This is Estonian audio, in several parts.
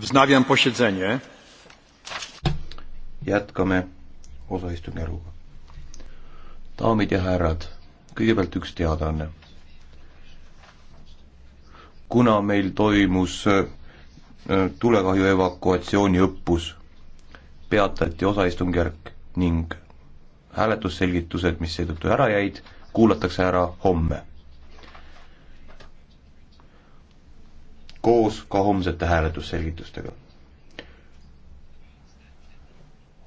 Wznawiam posiedzenie. jätkame osaistungjärguga. daamid ja härrad, kõigepealt üks teadaanne. kuna meil toimus äh, tulekahju evakuatsiooniõppus, peatati osaistungjärk ning hääletusselgitused, mis seetõttu ära jäid, kuulatakse ära homme koos ka homsete hääletusselgitustega.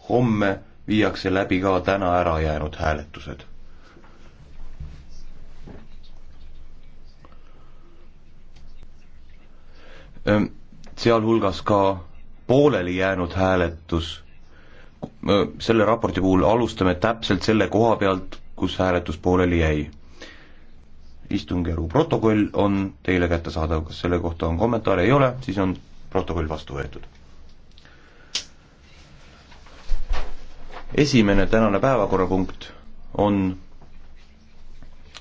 homme viiakse läbi ka täna ära jäänud hääletused. sealhulgas ka pooleli jäänud hääletus, selle raporti puhul alustame täpselt selle koha pealt, kus hääletus pooleli jäi istungjärgu protokoll on teile kättesaadav, kas selle kohta on kommentaare, ei ole, siis on protokoll vastu võetud. esimene tänane päevakorrapunkt on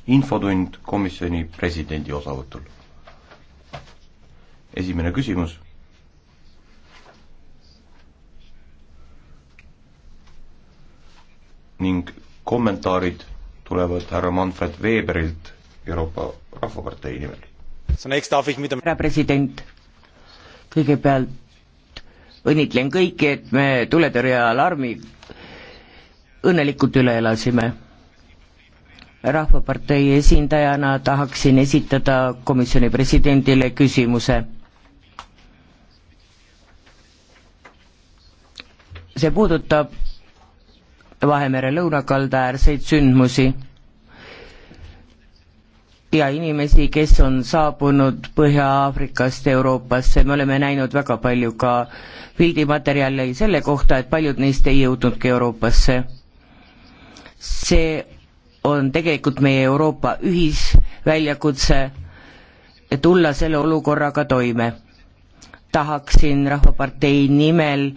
infotund komisjoni presidendi osavõtul. esimene küsimus. ning kommentaarid tulevad härra Manfred Weberilt Euroopa Rahvapartei nimel. härra president, kõigepealt õnnitlen kõiki, et me tuletõrjealarmi õnnelikult üle elasime. rahvapartei esindajana tahaksin esitada komisjoni presidendile küsimuse. see puudutab Vahemere lõunakalda äärseid sündmusi ja inimesi, kes on saabunud Põhja-Aafrikast Euroopasse, me oleme näinud väga palju ka pildimaterjali selle kohta, et paljud neist ei jõudnudki Euroopasse. see on tegelikult meie Euroopa ühisväljakutse tulla selle olukorraga toime. tahaksin Rahvapartei nimel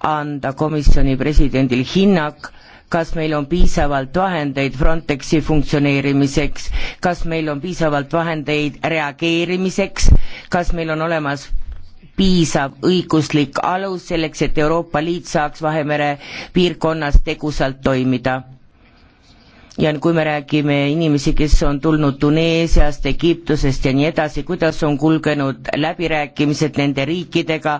anda komisjoni presidendile hinnak kas meil on piisavalt vahendeid Frontexi funktsioneerimiseks, kas meil on piisavalt vahendeid reageerimiseks, kas meil on olemas piisav õiguslik alus selleks, et Euroopa Liit saaks Vahemere piirkonnas tegusalt toimida. ja kui me räägime inimesi, kes on tulnud Tuneesiast, Egiptusest ja nii edasi, kuidas on kulgenud läbirääkimised nende riikidega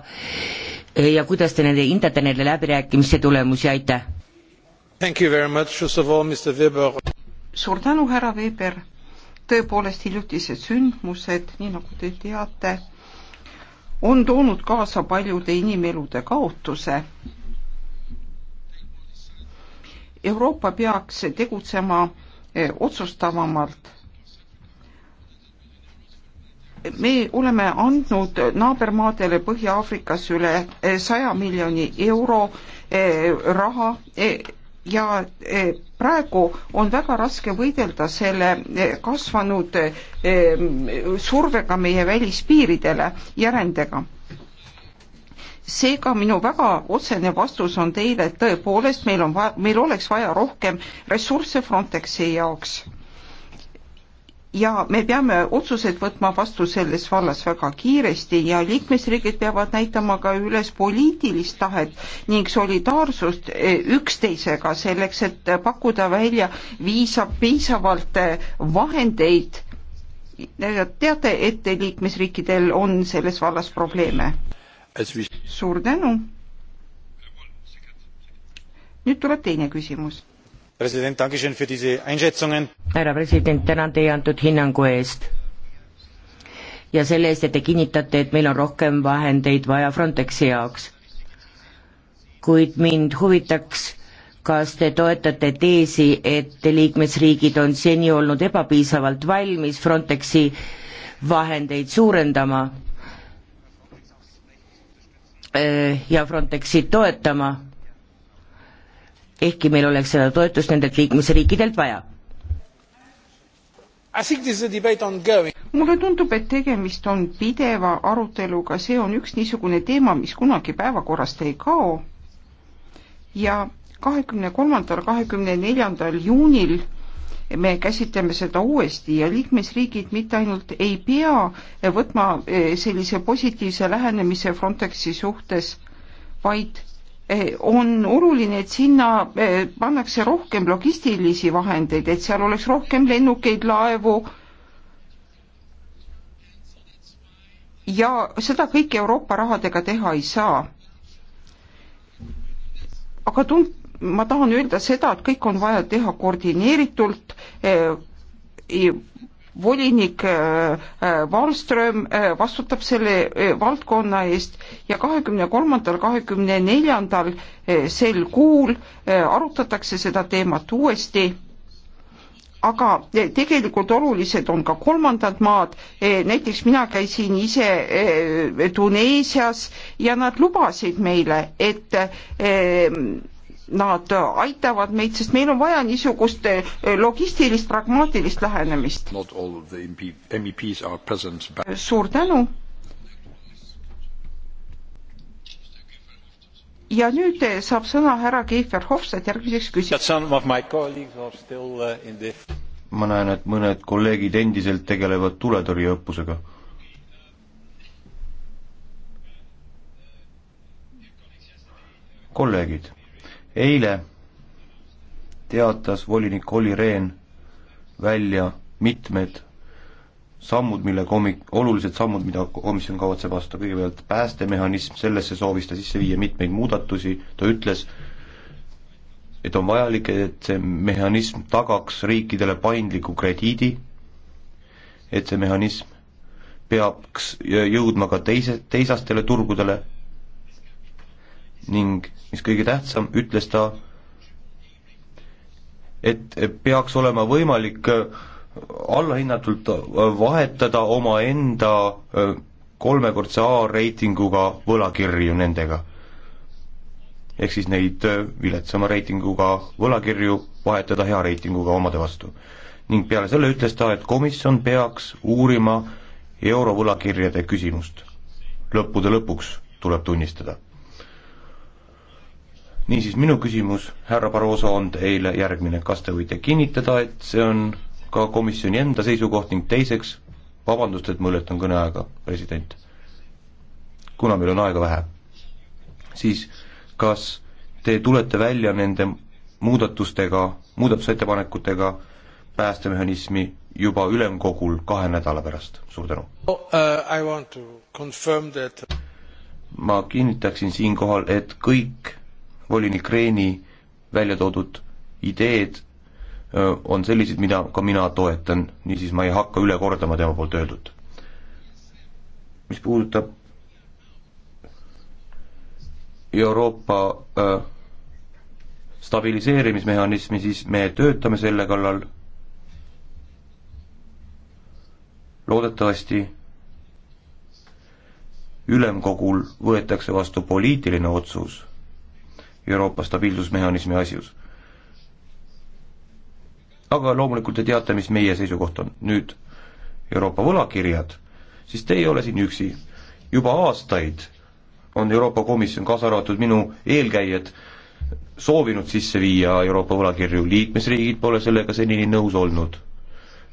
ja kuidas te nende, hindate nende läbirääkimiste tulemusi, aitäh! suur tänu, härra Weber. tõepoolest hiljutised sündmused, nii nagu te teate, on toonud kaasa paljude inimelude kaotuse. Euroopa peaks tegutsema eh, otsustavamalt me oleme andnud naabermaadele Põhja-Aafrikas üle eh, saja miljoni euro eh, raha ja e, praegu on väga raske võidelda selle e, kasvanud e, survega meie välispiiridele ja rändega. seega minu väga otsene vastus on teile, et tõepoolest meil on, meil oleks vaja rohkem ressursse Frontexi jaoks ja me peame otsused võtma vastu selles vallas väga kiiresti ja liikmesriigid peavad näitama ka üles poliitilist tahet ning solidaarsust eh, üksteisega selleks, et pakkuda välja viisa, piisavalt eh, vahendeid. teate, et liikmesriikidel on selles vallas probleeme. suur tänu. nüüd tuleb teine küsimus president, härra president, tänan teie antud hinnangu eest ja selle eest, et te kinnitate, et meil on rohkem vahendeid vaja Frontexi jaoks. kuid mind huvitaks, kas te toetate teesi, et liikmesriigid on seni olnud ebapiisavalt valmis Frontexi vahendeid suurendama äh, ja Frontexit toetama ehkki meil oleks seda toetust nendelt liikmesriikidelt vaja. mulle tundub, et tegemist on pideva aruteluga, see on üks niisugune teema, mis kunagi päevakorrast ei kao ja kahekümne kolmandal, kahekümne neljandal juunil me käsitleme seda uuesti ja liikmesriigid mitte ainult ei pea võtma eh, sellise positiivse lähenemise Frontexi suhtes, vaid Eh, on oluline, et sinna eh, pannakse rohkem logistilisi vahendeid, et seal oleks rohkem lennukeid, laevu ja seda kõike Euroopa rahadega teha ei saa. aga tun-, ma tahan öelda seda, et kõik on vaja teha koordineeritult eh,, eh, volinik Wallström äh, äh, äh, vastutab selle valdkonna eest ja kahekümne kolmandal, kahekümne neljandal sel kuul arutatakse seda teemat uuesti. aga tegelikult olulised on ka kolmandad maad, näiteks mina käisin ise Tuneesias ja nad lubasid meile, et nad aitavad meid, sest meil on vaja niisugust eh, logistilist, pragmaatilist lähenemist. E suur tänu. ja nüüd eh, saab sõna härra Keifer Hofstad järgmiseks küsimuseks. Eh, ma näen, et mõned kolleegid endiselt tegelevad tuletõrjeõppusega kolleegid eile teatas volinik Olli Rehn välja mitmed sammud, mille komik-, olulised sammud, mida komisjon kavatseb astuda, kõigepealt päästemehhanism, sellesse soovis ta sisse viia mitmeid muudatusi, ta ütles, et on vajalik, et see mehhanism tagaks riikidele paindliku krediidi, et see mehhanism peaks jõudma ka teise, teisastele turgudele ning mis kõige tähtsam, ütles ta, et peaks olema võimalik äh, allahinnatult äh, vahetada omaenda äh, kolmekordse A-reitinguga võlakirju nendega. ehk siis neid viletsama reitinguga võlakirju vahetada hea reitinguga omade vastu. ning peale selle ütles ta, et komisjon peaks uurima eurovõlakirjade küsimust. lõppude lõpuks tuleb tunnistada niisiis, minu küsimus, härra Barroso, on teile järgmine, kas te võite kinnitada, et see on ka komisjoni enda seisukoht ning teiseks, vabandust, et ma ületan kõneaega, president, kuna meil on aega vähe, siis kas te tulete välja nende muudatustega, muudatusettepanekutega päästemehhanismi juba ülemkogul kahe nädala pärast, suur tänu oh,. Uh, ma kinnitaksin siinkohal, et kõik volinik Reeni välja toodud ideed on sellised, mida ka mina toetan, niisiis ma ei hakka üle kordama tema poolt öeldut. mis puudutab Euroopa äh, stabiliseerimismehhanismi, siis me töötame selle kallal, loodetavasti ülemkogul võetakse vastu poliitiline otsus Euroopa stabiilsusmehhanismi asjus. aga loomulikult te teate, mis meie seisukoht on. nüüd Euroopa võlakirjad, siis te ei ole siin üksi. juba aastaid on Euroopa Komisjon, kaasa arvatud minu eelkäijad, soovinud sisse viia Euroopa võlakirju, liikmesriigid pole sellega senini nõus olnud.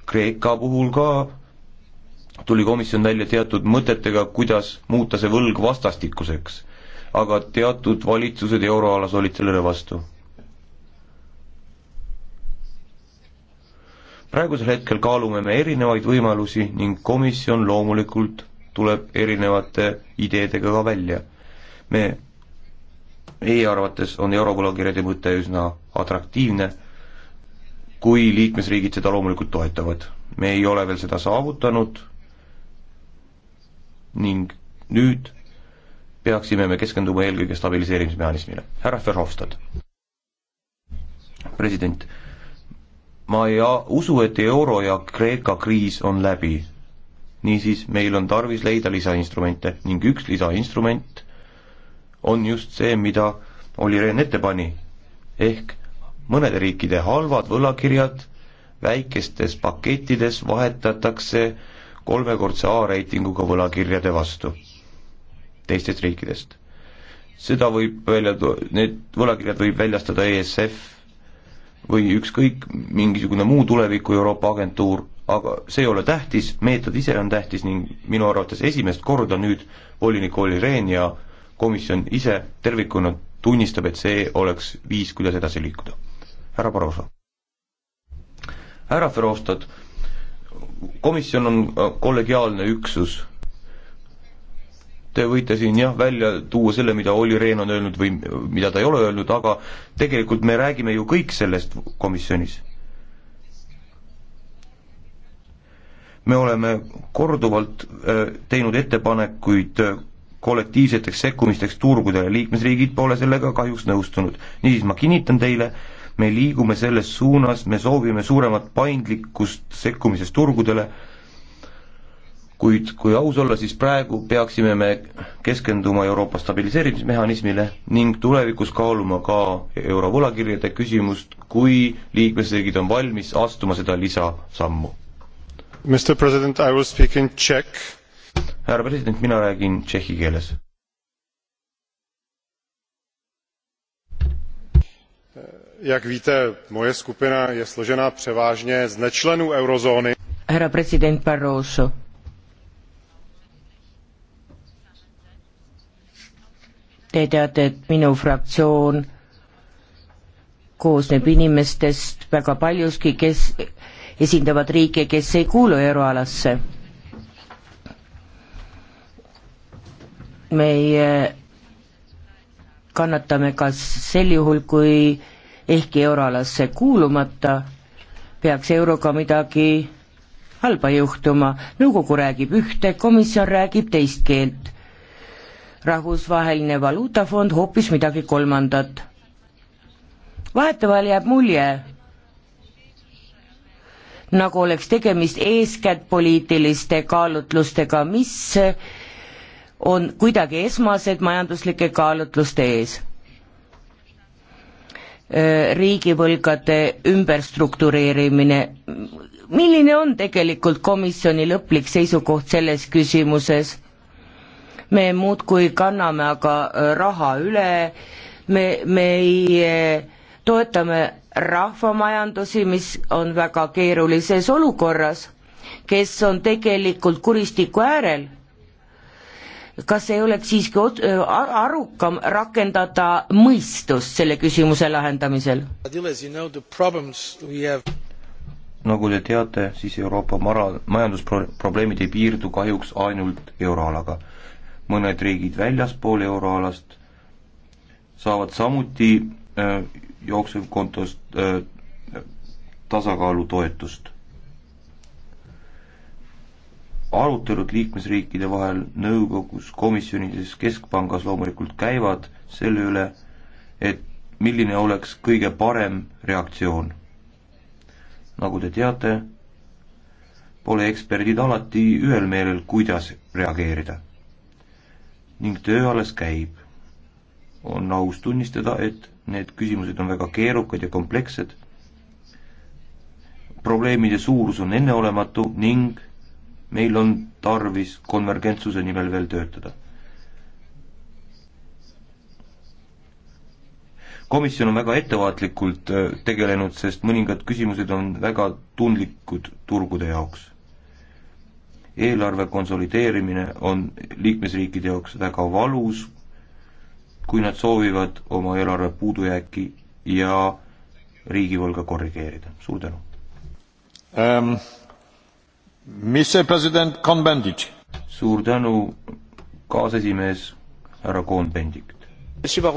Kreeka puhul ka tuli komisjon välja teatud mõtetega, kuidas muuta see võlg vastastikuseks aga teatud valitsused euroalas olid sellele vastu. praegusel hetkel kaalume me erinevaid võimalusi ning komisjon loomulikult tuleb erinevate ideedega ka välja. me, meie arvates on eurovõlakirjade mõte üsna atraktiivne, kui liikmesriigid seda loomulikult toetavad. me ei ole veel seda saavutanud ning nüüd peaksime me keskenduma eelkõige stabiliseerimismehhanismile. härra Verhofstadt. president, ma ei usu, et euro ja Kreeka kriis on läbi. niisiis, meil on tarvis leida lisainstrumente ning üks lisainstrument on just see, mida Olli Rehn ette pani, ehk mõnede riikide halvad võlakirjad väikestes pakettides vahetatakse kolmekordse A-reitinguga võlakirjade vastu teistest riikidest. seda võib välja, need võlakirjad võib väljastada ESF või ükskõik mingisugune muu tuleviku Euroopa agentuur, aga see ei ole tähtis, meetod ise on tähtis ning minu arvates esimest korda nüüd volinik Olli Rehn ja komisjon ise tervikuna tunnistab, et see oleks viis, kuidas edasi liikuda. härra Barroso. härra Verhofstadt, komisjon on kollegiaalne üksus Te võite siin jah, välja tuua selle, mida Olli Rehn on öelnud või mida ta ei ole öelnud, aga tegelikult me räägime ju kõik sellest komisjonis. me oleme korduvalt äh, teinud ettepanekuid äh, kollektiivseteks sekkumisteks turgudele, liikmesriigid pole sellega kahjuks nõustunud. niisiis, ma kinnitan teile, me liigume selles suunas, me soovime suuremat paindlikkust sekkumises turgudele kuid kui aus olla, siis praegu peaksime me keskenduma Euroopa stabiliseerimismehhanismile ning tulevikus kaaluma ka eurovõlakirjade küsimust, kui liikmesriigid on valmis astuma seda lisasammu. Mr President, I will speak in Czech. härra president, mina räägin tšehhi keeles. Jak víte, moje skupina je složena převážně z nečlenů eurozóny. Härra president Barroso Te teate, et minu fraktsioon koosneb inimestest väga paljuski, kes esindavad riike, kes ei kuulu euroalasse. meie kannatame kas sel juhul, kui ehkki euroalasse kuulumata, peaks euroga midagi halba juhtuma, nõukogu räägib ühte, komisjon räägib teist keelt rahvusvaheline valuutafond hoopis midagi kolmandat. vahetevahel jääb mulje, nagu oleks tegemist eeskätt poliitiliste kaalutlustega, mis on kuidagi esmased majanduslike kaalutluste ees. riigivõlgade ümberstruktureerimine, milline on tegelikult komisjoni lõplik seisukoht selles küsimuses? me muudkui kanname aga äh, raha üle, me, me ei äh, toetame rahvamajandusi, mis on väga keerulises olukorras, kes on tegelikult kuristiku äärel kas ei oleks siiski äh, arukam rakendada mõistust selle küsimuse lahendamisel? nagu te teate, siis Euroopa mara-, majandusprobleemid ei piirdu kahjuks ainult euroalaga mõned riigid väljaspool euroalast saavad samuti äh, jooksevkontost äh, tasakaalutoetust. arutelud liikmesriikide vahel nõukogus, komisjonides, keskpangas loomulikult käivad selle üle, et milline oleks kõige parem reaktsioon. nagu te teate, pole eksperdid alati ühel meelel, kuidas reageerida ning töö alles käib. on aus tunnistada, et need küsimused on väga keerukad ja komplekssed, probleemide suurus on enneolematu ning meil on tarvis konvergentsuse nimel veel töötada. komisjon on väga ettevaatlikult äh, tegelenud, sest mõningad küsimused on väga tundlikud turgude jaoks eelarve konsolideerimine on liikmesriikide jaoks väga valus, kui nad soovivad oma eelarve puudujääki ja riigivõlga korrigeerida. suur tänu um,! Vicepresident Cohn-Bendit. suur tänu, kaasesimees härra Cohn-Bendit. Um,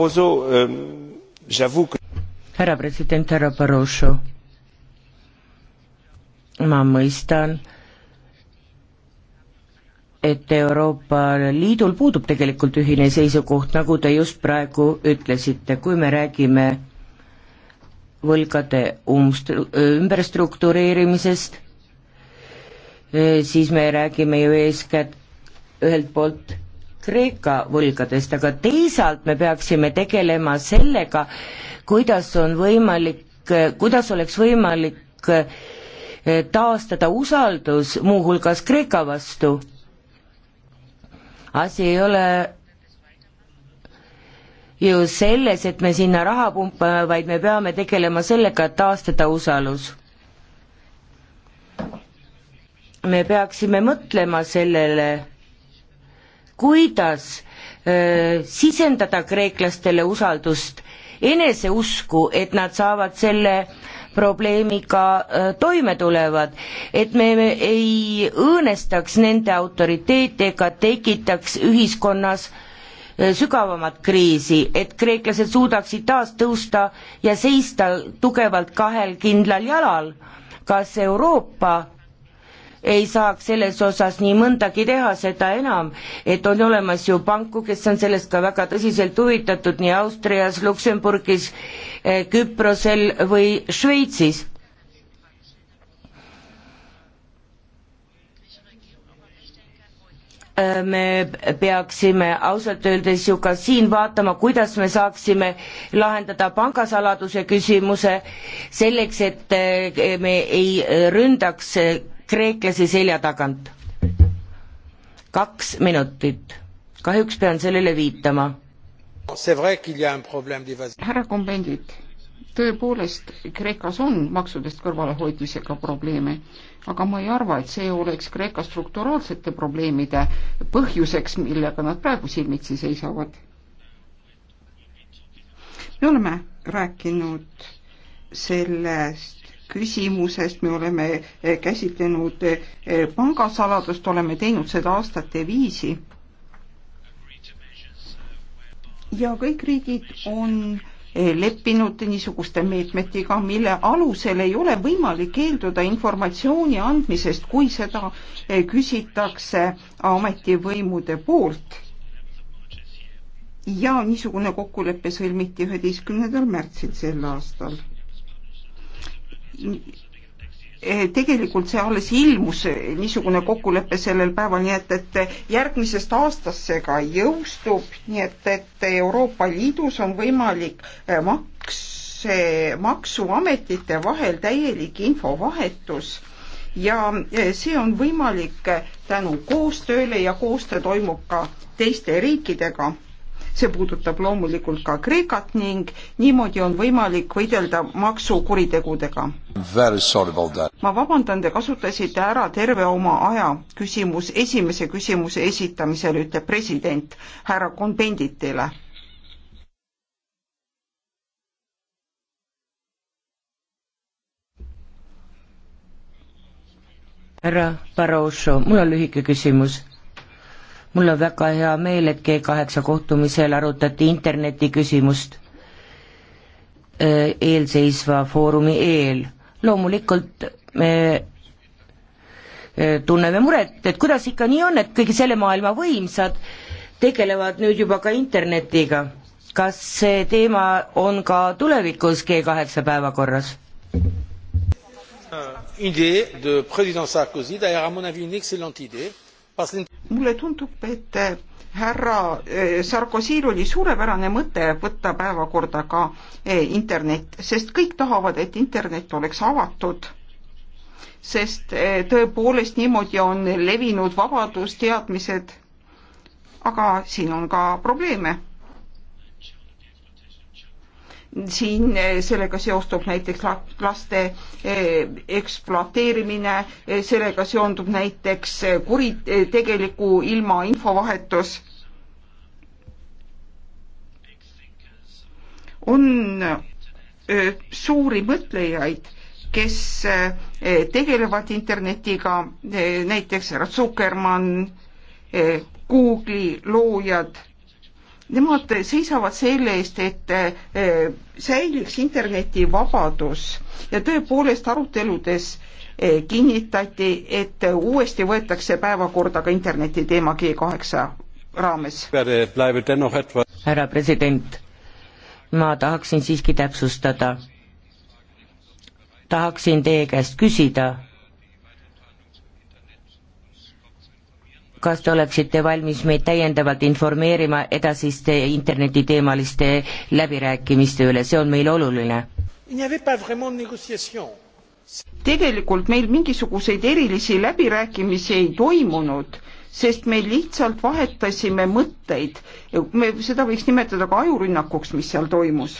härra president, härra Barroso, ma mõistan, et Euroopa Liidul puudub tegelikult ühine seisukoht, nagu te just praegu ütlesite, kui me räägime võlgade umstru-, ümberstruktureerimisest, siis me räägime ju eeskätt ühelt poolt Kreeka võlgadest, aga teisalt me peaksime tegelema sellega, kuidas on võimalik, kuidas oleks võimalik taastada usaldus muuhulgas Kreeka vastu asi ei ole ju selles, et me sinna raha pumpame, vaid me peame tegelema sellega, et taastada usaldus. me peaksime mõtlema sellele, kuidas öö, äh, sisendada kreeklastele usaldust, eneseusku, et nad saavad selle öö, probleemiga äh, toime tulevad, et me ei õõnestaks nende autoriteeti ega tekitaks ühiskonnas äh, sügavamat kriisi, et kreeklased suudaksid taas tõusta ja seista tugevalt kahel kindlal jalal. kas Euroopa ei saaks selles osas nii mõndagi teha, seda enam, et on olemas ju panku, kes on sellest ka väga tõsiselt huvitatud nii Austrias, Luksemburgis, eh, Küprosel või Šveitsis eh, me peaksime ausalt öeldes ju ka siin vaatama, kuidas me saaksime lahendada pangasaladuse küsimuse selleks, et eh, me ei ründaks kreeklasi selja tagant. kaks minutit. kahjuks pean sellele viitama. härra Kombendit, tõepoolest Kreekas on maksudest kõrvalehoidmisega probleeme, aga ma ei arva, et see oleks Kreeka strukturaalsete probleemide põhjuseks, millega nad praegu silmitsi seisavad. me oleme rääkinud sellest küsimusest, me oleme eh, käsitlenud eh, pangasaladust, oleme teinud seda aastate viisi. ja kõik riigid on eh, leppinud niisuguste meetmetega, mille alusel ei ole võimalik keelduda informatsiooni andmisest, kui seda küsitakse ametivõimude poolt. ja niisugune kokkulepe sõlmiti üheteistkümnendal märtsil sel aastal Eh, tegelikult see alles ilmus, eh, niisugune kokkulepe sellel päeval, nii et, et eh, järgmisest aastast see ka jõustub, nii et, et Euroopa Liidus on võimalik makse, maksuametite vahel täielik infovahetus ja see on võimalik tänu koostööle ja koostöö toimub ka teiste riikidega see puudutab loomulikult ka Kreekat ning niimoodi on võimalik võidelda maksukuritegudega. ma vabandan, te kasutasite ära terve oma aja küsimus, esimese küsimuse esitamisel, ütleb president härra Konbenditile härra Barroso, mul on lühike küsimus mul on väga hea meel, et G kaheksa kohtumisel arutati interneti küsimust äh, eelseisva foorumi eel. loomulikult me äh, tunneme muret, et kuidas ikka nii on, et kõik selle maailma võimsad tegelevad nüüd juba ka internetiga. kas see teema on ka tulevikus G kaheksa päevakorras? idée de président Sarkozy, d'ailleurs à mon avis une excellente idée mulle tundub, et eh, härra eh, Sarkozyl oli suurepärane mõte võtta päevakorda ka eh, internet, sest kõik tahavad, et internet oleks avatud, sest tõepoolest niimoodi on levinud vabadus, teadmised, aga siin on ka probleeme siin eh, sellega seostub näiteks laste eh, ekspluateerimine, eh, sellega seondub näiteks kuritegeliku ilma infovahetus. on suuri mõtlejaid, kes tegelevad internetiga, näiteks härra Zuckermann, Google'i loojad nemad seisavad selle eest, et eh, säiliks internetivabadus ja tõepoolest aruteludes eh, kinnitati, et uuesti võetakse päevakorda ka interneti teema G kaheksa raames. härra president, ma tahaksin siiski täpsustada. tahaksin teie käest küsida kas te oleksite valmis meid täiendavalt informeerima edasiste internetiteemaliste läbirääkimiste üle, see on meile oluline? tegelikult meil mingisuguseid erilisi läbirääkimisi ei toimunud, sest me lihtsalt vahetasime mõtteid, me, seda võiks nimetada ka ajurünnakuks, mis seal toimus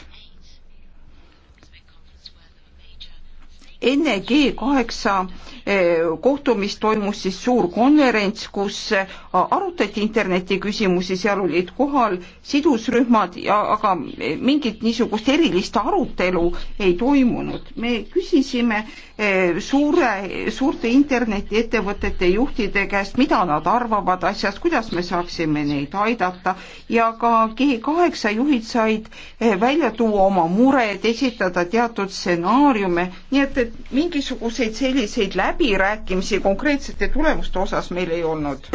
enne G kaheksa eh, kohtumist toimus siis suur konverents, kus eh, arutati interneti küsimusi, seal olid kohal sidusrühmad ja aga eh, mingit niisugust erilist arutelu ei toimunud. me küsisime Eh, suure, suurte internetiettevõtete juhtide käest, mida nad arvavad asjast, kuidas me saaksime neid aidata ja ka G8 juhid said eh, välja tuua oma mured, esitada teatud stsenaariume, nii et, et mingisuguseid selliseid läbirääkimisi konkreetsete tulemuste osas meil ei olnud.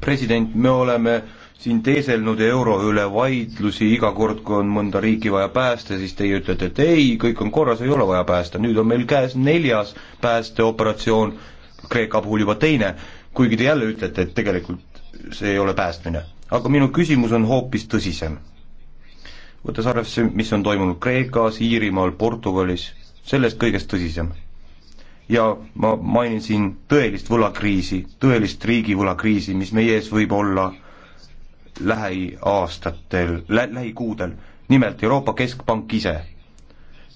president, me oleme siin teeselnud euro üle vaidlusi, iga kord, kui on mõnda riiki vaja päästa, siis teie ütlete, et ei, kõik on korras, ei ole vaja päästa, nüüd on meil käes neljas päästeoperatsioon, Kreeka puhul juba teine, kuigi te jälle ütlete, et tegelikult see ei ole päästmine. aga minu küsimus on hoopis tõsisem. võttes arvesse, mis on toimunud Kreekas, Iirimaal, Portugalis, sellest kõigest tõsisem. ja ma mainin siin tõelist võlakriisi, tõelist riigi võlakriisi, mis meie ees võib olla lähiaastatel lä, lähikuudel, nimelt Euroopa Keskpank ise.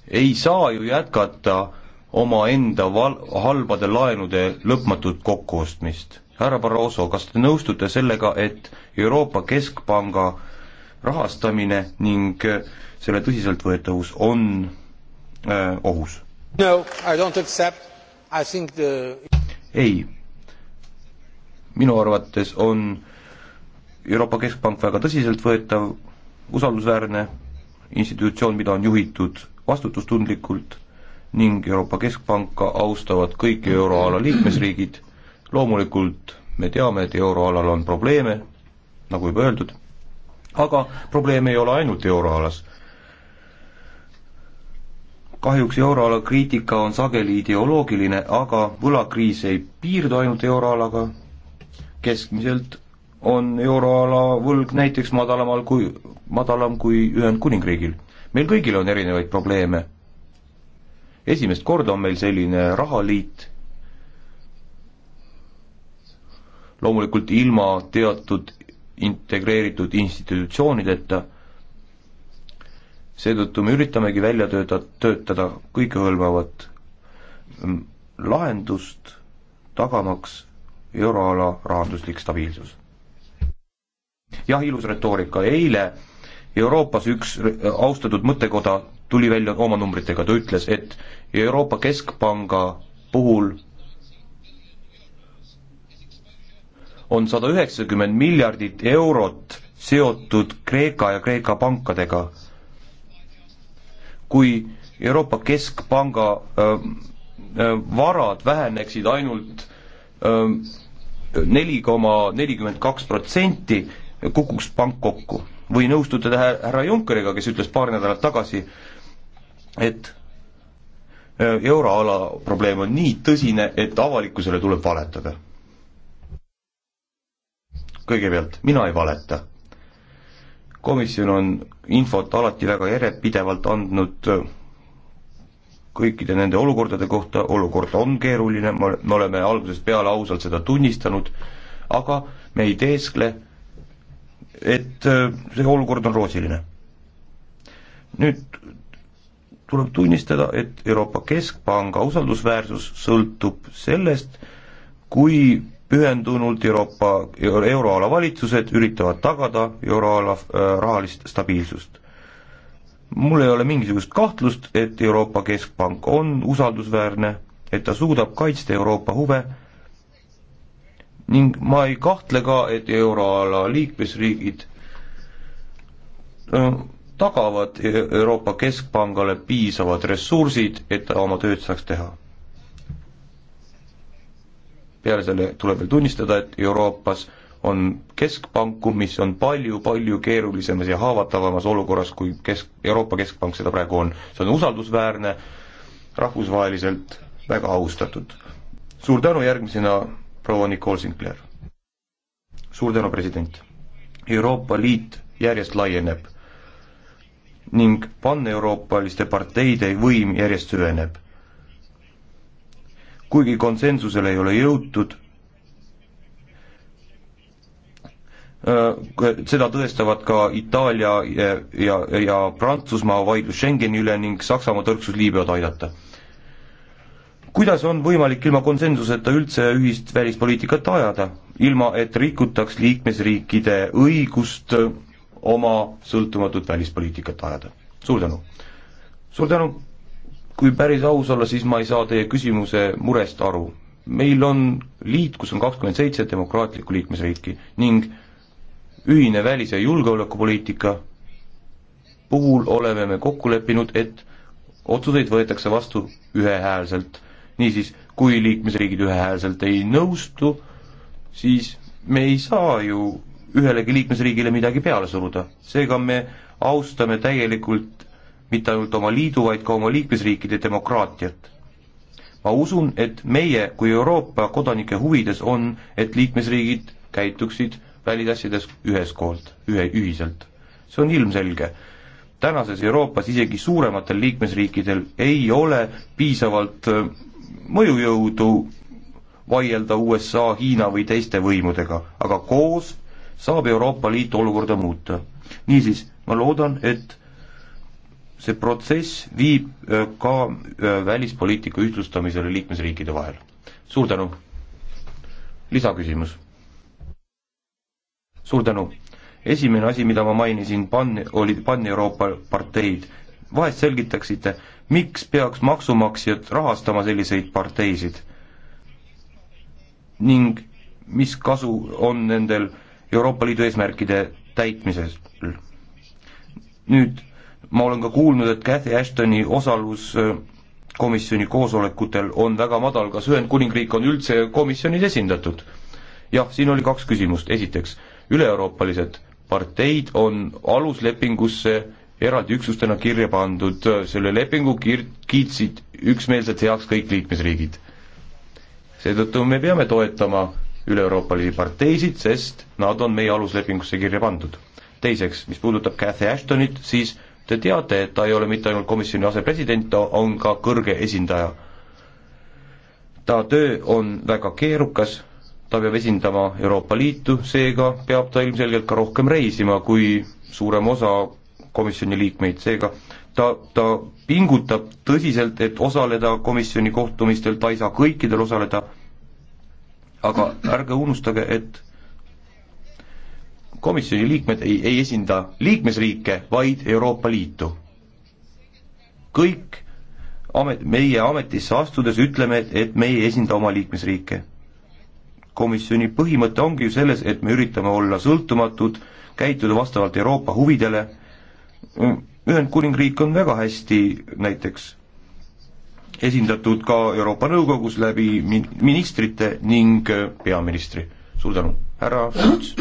ei saa ju jätkata omaenda val-, halbade laenude lõpmatut kokkuostmist. härra Barroso, kas te nõustute sellega, et Euroopa Keskpanga rahastamine ning äh, selle tõsiseltvõetavus on äh, ohus? no I don't accept, I think the ei, minu arvates on Euroopa Keskpank väga tõsiseltvõetav, usaldusväärne institutsioon, mida on juhitud vastutustundlikult ning Euroopa Keskpanka austavad kõik euroala liikmesriigid, loomulikult me teame, et euroalal on probleeme, nagu juba öeldud, aga probleem ei ole ainult euroalas. kahjuks euroala kriitika on sageli ideoloogiline, aga võlakriis ei piirdu ainult euroalaga, keskmiselt on euroala võlg näiteks madalamal kui, madalam kui Ühendkuningriigil. meil kõigil on erinevaid probleeme. esimest korda on meil selline rahaliit, loomulikult ilma teatud integreeritud institutsioonideta, seetõttu me üritamegi välja tööta, töötada kõikehõlmavat mm, lahendust, tagamaks euroala rahanduslik stabiilsus jah, ilus retoorika, eile Euroopas üks austatud mõttekoda tuli välja oma numbritega, ta ütles, et Euroopa Keskpanga puhul on sada üheksakümmend miljardit eurot seotud Kreeka ja Kreeka pankadega. kui Euroopa Keskpanga öö, ähm, öö, ähm, varad väheneksid ainult ähm, neli koma nelikümmend kaks protsenti, kukuks pank kokku. või nõustuda härra Junckeriga, kes ütles paar nädalat tagasi, et euroala probleem on nii tõsine, et avalikkusele tuleb valetada. kõigepealt, mina ei valeta. komisjon on infot alati väga järjepidevalt andnud kõikide nende olukordade kohta, olukord on keeruline, me oleme algusest peale ausalt seda tunnistanud, aga me ei teeskle et äh, see olukord on roosiline. nüüd tuleb tunnistada, et Euroopa Keskpanga usaldusväärsus sõltub sellest, kui pühendunult Euroopa, euroala valitsused üritavad tagada euroala äh, rahalist stabiilsust. mul ei ole mingisugust kahtlust, et Euroopa Keskpank on usaldusväärne, et ta suudab kaitsta Euroopa huve ning ma ei kahtle ka, et euroala liikmesriigid äh, tagavad e-, Euroopa Keskpangale piisavad ressursid, et ta oma tööd saaks teha. peale selle tuleb veel tunnistada, et Euroopas on keskpanku, mis on palju-palju keerulisemas ja haavatavamas olukorras, kui kesk, Euroopa Keskpank seda praegu on. see on usaldusväärne, rahvusvaheliselt väga austatud. suur tänu, järgmisena proua Nicole Sinclair. suur tänu, president. Euroopa Liit järjest laieneb ning paneuroopaliste parteide võim järjest süveneb. kuigi konsensusele ei ole jõutud, äh, seda tõestavad ka Itaalia ja, ja, ja Prantsusmaa vaidlus Schengeni üle ning Saksamaa tõrksus Liibüat aidata kuidas on võimalik ilma konsensuseta üldse ühist välispoliitikat ajada, ilma et rikutaks liikmesriikide õigust oma sõltumatut välispoliitikat ajada? suur tänu! suur tänu! kui päris aus olla, siis ma ei saa teie küsimuse murest aru. meil on liit, kus on kakskümmend seitse demokraatlikku liikmesriiki ning ühine välis- ja julgeolekupoliitika puhul oleme me kokku leppinud, et otsuseid võetakse vastu ühehäälselt niisiis, kui liikmesriigid ühehäälselt ei nõustu, siis me ei saa ju ühelegi liikmesriigile midagi peale suruda, seega me austame täielikult mitte ainult oma liidu, vaid ka oma liikmesriikide demokraatiat. ma usun, et meie kui Euroopa kodanike huvides on, et liikmesriigid käituksid välisasjades üheskoolt, ühe, ühiselt. see on ilmselge. tänases Euroopas isegi suurematel liikmesriikidel ei ole piisavalt äh, mõjujõudu vaielda USA, Hiina või teiste võimudega, aga koos saab Euroopa Liit olukorda muuta. niisiis, ma loodan, et see protsess viib äh, ka äh, välispoliitika ühtlustamisele liikmesriikide vahel. suur tänu! lisaküsimus. suur tänu! esimene asi, mida ma mainisin, pan-, olid pan-Euroopa parteid vahest selgitaksite, miks peaks maksumaksjad rahastama selliseid parteisid? ning mis kasu on nendel Euroopa Liidu eesmärkide täitmises? nüüd ma olen ka kuulnud, et Cathy Ashtoni osalus äh, komisjoni koosolekutel on väga madal, kas Ühendkuningriik on üldse komisjonis esindatud? jah, siin oli kaks küsimust, esiteks, üle-euroopalised parteid on aluslepingusse eraldi üksustena kirja pandud. Äh, selle lepingu kir-, kiitsid üksmeelselt heaks kõik liikmesriigid. seetõttu me peame toetama üle-euroopalisi parteisid, sest nad on meie aluslepingusse kirja pandud. teiseks, mis puudutab Cathy Ashtonit, siis te teate, et ta ei ole mitte ainult komisjoni asepresident, ta on ka kõrge esindaja. ta töö on väga keerukas, ta peab esindama Euroopa Liitu, seega peab ta ilmselgelt ka rohkem reisima, kui suurem osa komisjoni liikmeid, seega ta, ta pingutab tõsiselt, et osaleda komisjoni kohtumistel, ta ei saa kõikidel osaleda, aga ärge unustage, et komisjoni liikmed ei, ei esinda liikmesriike, vaid Euroopa Liitu. kõik amet, meie ametisse astudes ütleme, et, et me ei esinda oma liikmesriike. komisjoni põhimõte ongi ju selles, et me üritame olla sõltumatud, käituda vastavalt Euroopa huvidele Ühendkuningriik on väga hästi näiteks esindatud ka Euroopa Nõukogus läbi min-, ministrite ning äh, peaministri. suur tänu, härra Schultz.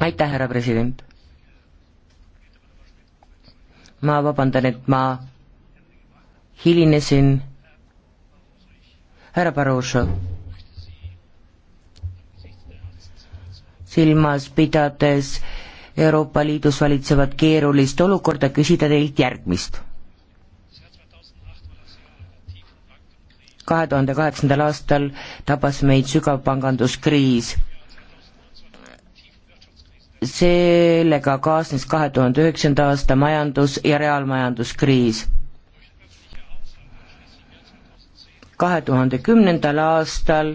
aitäh, härra president. ma vabandan, et ma hilinesin. härra Barroso. silmas pidades Euroopa Liidus valitsevat keerulist olukorda, küsida teilt järgmist. kahe tuhande kaheksandal aastal tabas meid sügav panganduskriis. sellega kaasnes kahe tuhande üheksanda aasta majandus- ja reaalmajanduskriis kahe tuhande kümnendal aastal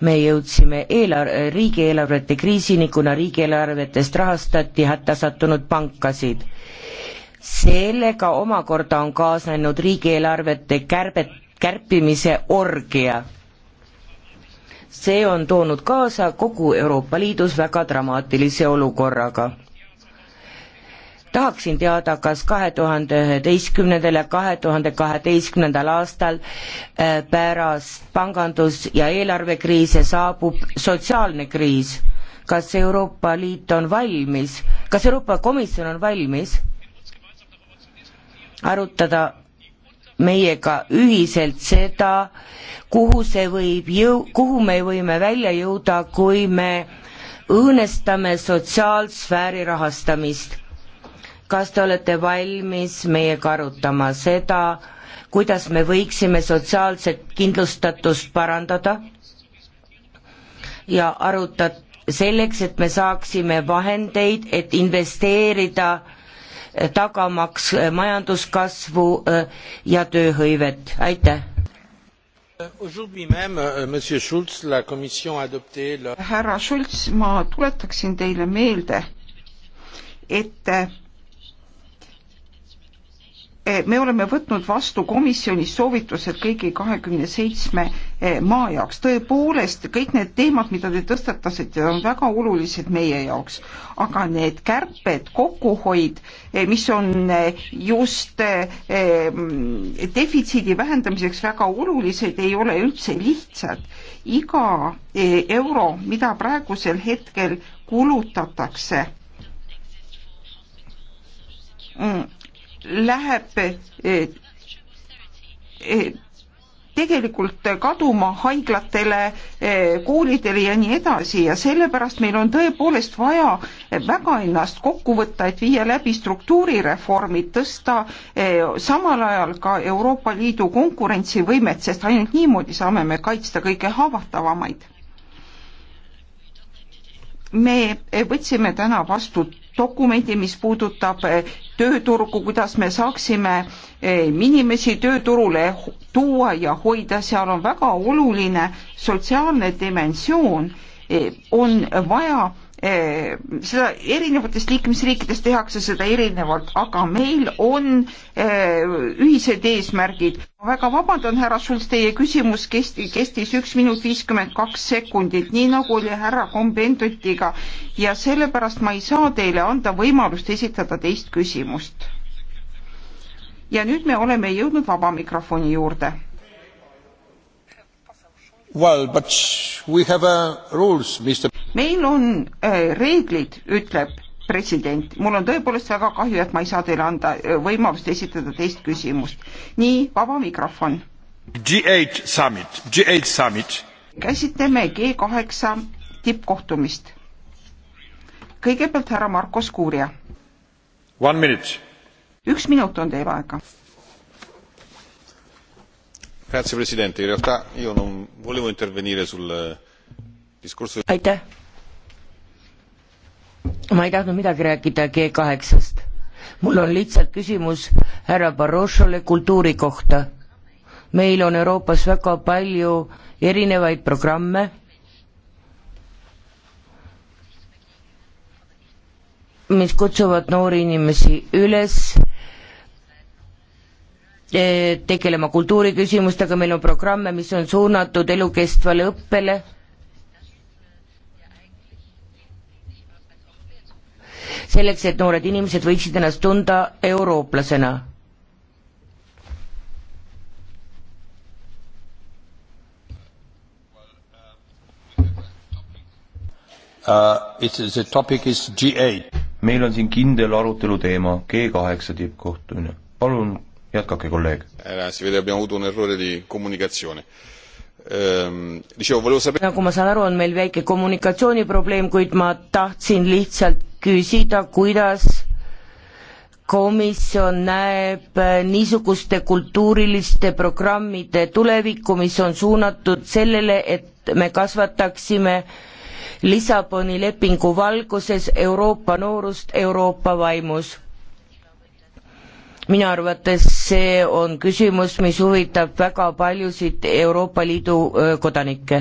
me jõudsime eelar-, riigieelarvete kriisini, kuna riigieelarvetest rahastati hätta sattunud pankasid. sellega omakorda on kaasnenud riigieelarvete kärbet, kärpimise orgia. see on toonud kaasa kogu Euroopa Liidus väga dramaatilise olukorraga tahaksin teada, kas kahe tuhande üheteistkümnendal ja kahe tuhande kaheteistkümnendal aastal äh, pärast pangandus- ja eelarvekriise saabub sotsiaalne kriis. kas Euroopa Liit on valmis, kas Euroopa Komisjon on valmis arutada meiega ühiselt seda, kuhu see võib jõu-, kuhu me võime välja jõuda, kui me õõnestame sotsiaalsfääri rahastamist kas te olete valmis meiega arutama seda, kuidas me võiksime sotsiaalset kindlustatust parandada ja arutat-, selleks, et me saaksime vahendeid, et investeerida eh, tagamaks eh, majanduskasvu eh, ja tööhõivet, aitäh! Aujourd'hui même, euh, Monsieur Schulz, la Commission a adopté le... härra Schulz, ma tuletaksin teile meelde, et Eh, me oleme võtnud vastu komisjonis soovitused kõigi kahekümne seitsme eh, maa jaoks. tõepoolest, kõik need teemad, mida te tõstatasite, on väga olulised meie jaoks, aga need kärped, kokkuhoid, eh, mis on just mm, defitsiidi vähendamiseks väga olulised, ei ole üldse lihtsad. iga euro, mida praegusel hetkel kulutatakse mm läheb e, e, tegelikult kaduma haiglatele, e, koolidele ja nii edasi ja sellepärast meil on tõepoolest vaja väga ennast kokku võtta, et viia läbi struktuurireformid, tõsta samal ajal ka Euroopa Liidu konkurentsivõimet, sest ainult niimoodi saame me kaitsta kõige haavatavamaid. me võtsime täna vastu dokumendi, mis puudutab eh, tööturgu, kuidas me saaksime eh, inimesi tööturule tuua ja hoida, seal on väga oluline sotsiaalne dimensioon, eh, on vaja Eh, seda erinevates liikmesriikides tehakse seda erinevalt, aga meil on eh, ühised eesmärgid. ma väga vabandan, härra Schulz, teie küsimus kesti, kestis üks minut viiskümmend kaks sekundit, nii nagu oli härra Kombendutiga ja sellepärast ma ei saa teile anda võimalust esitada teist küsimust. ja nüüd me oleme jõudnud vaba mikrofoni juurde Well, but we have a uh, rules, Mr. meil on äh, reeglid, ütleb president, mul on tõepoolest väga kahju, et ma ei saa teile anda äh, võimalust esitada teist küsimust. nii, vaba mikrofon. G8 summit, G8 summit. käsitleme G8 tippkohtumist. kõigepealt härra Marko Skuuria. One minute. üks minut on teil aega signor presidente in realtà io non volevo intervenire sul eh, discorso. aitäh ma ei tahtnud midagi rääkida g kaheksast mul on lihtsalt küsimus härra barrosole kultuuri kohta meil on euroopas väga palju erinevaid programme mis kutsuvad noori inimesi üles Eh, tegelema kultuuriküsimustega, meil on programme, mis on suunatud elukestvale õppele, selleks, et noored inimesed võiksid ennast tunda eurooplasena. Uh, meil on siin kindel arutelu teema G kaheksa tippkohtumine. palun jätkake, kolleeg. Eh, ehm, nagu ma saan aru, on meil väike kommunikatsiooniprobleem, kuid ma tahtsin lihtsalt küsida, kuidas komisjon näeb eh, niisuguste kultuuriliste programmide tulevikku, mis on suunatud sellele, et me kasvataksime Lissaboni lepingu valguses Euroopa noorust Euroopa vaimus minu arvates see on küsimus, mis huvitab väga paljusid Euroopa Liidu kodanikke.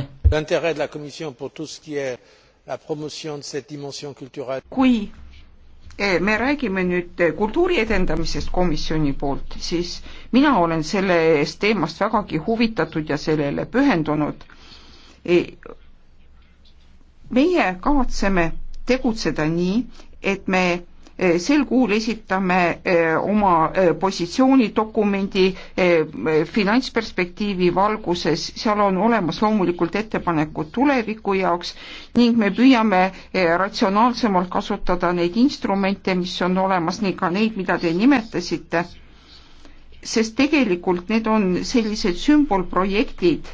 kui eh, me räägime nüüd eh, kultuuri edendamisest komisjoni poolt, siis mina olen sellest teemast vägagi huvitatud ja sellele pühendunud. Eh, meie kavatseme tegutseda nii, et me sel kuul esitame oma positsioonidokumendi finantsperspektiivi valguses, seal on olemas loomulikult ettepanekud tuleviku jaoks ning me püüame ratsionaalsemalt kasutada neid instrumente, mis on olemas, nii ka neid, mida te nimetasite, sest tegelikult need on sellised sümbolprojektid,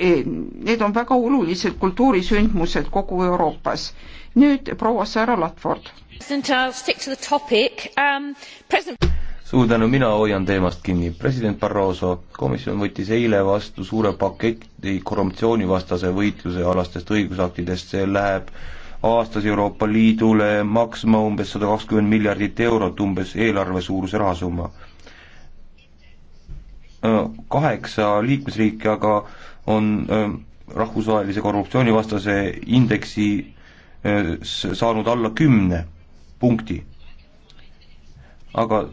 Eh, need on väga olulised kultuurisündmused kogu Euroopas. nüüd proua Sarah Latford. Um, suur tänu, mina hoian teemast kinni. president Barroso komisjon võttis eile vastu suure paketi korruptsioonivastase võitluse alastest õigusaktidest, see läheb aastas Euroopa Liidule maksma umbes sada kakskümmend miljardit eurot, umbes eelarve suuruse rahasumma. kaheksa liikmesriiki aga äh, on ähm, rahvusvahelise korruptsioonivastase indeksi äh, saanud alla kümne punkti. aga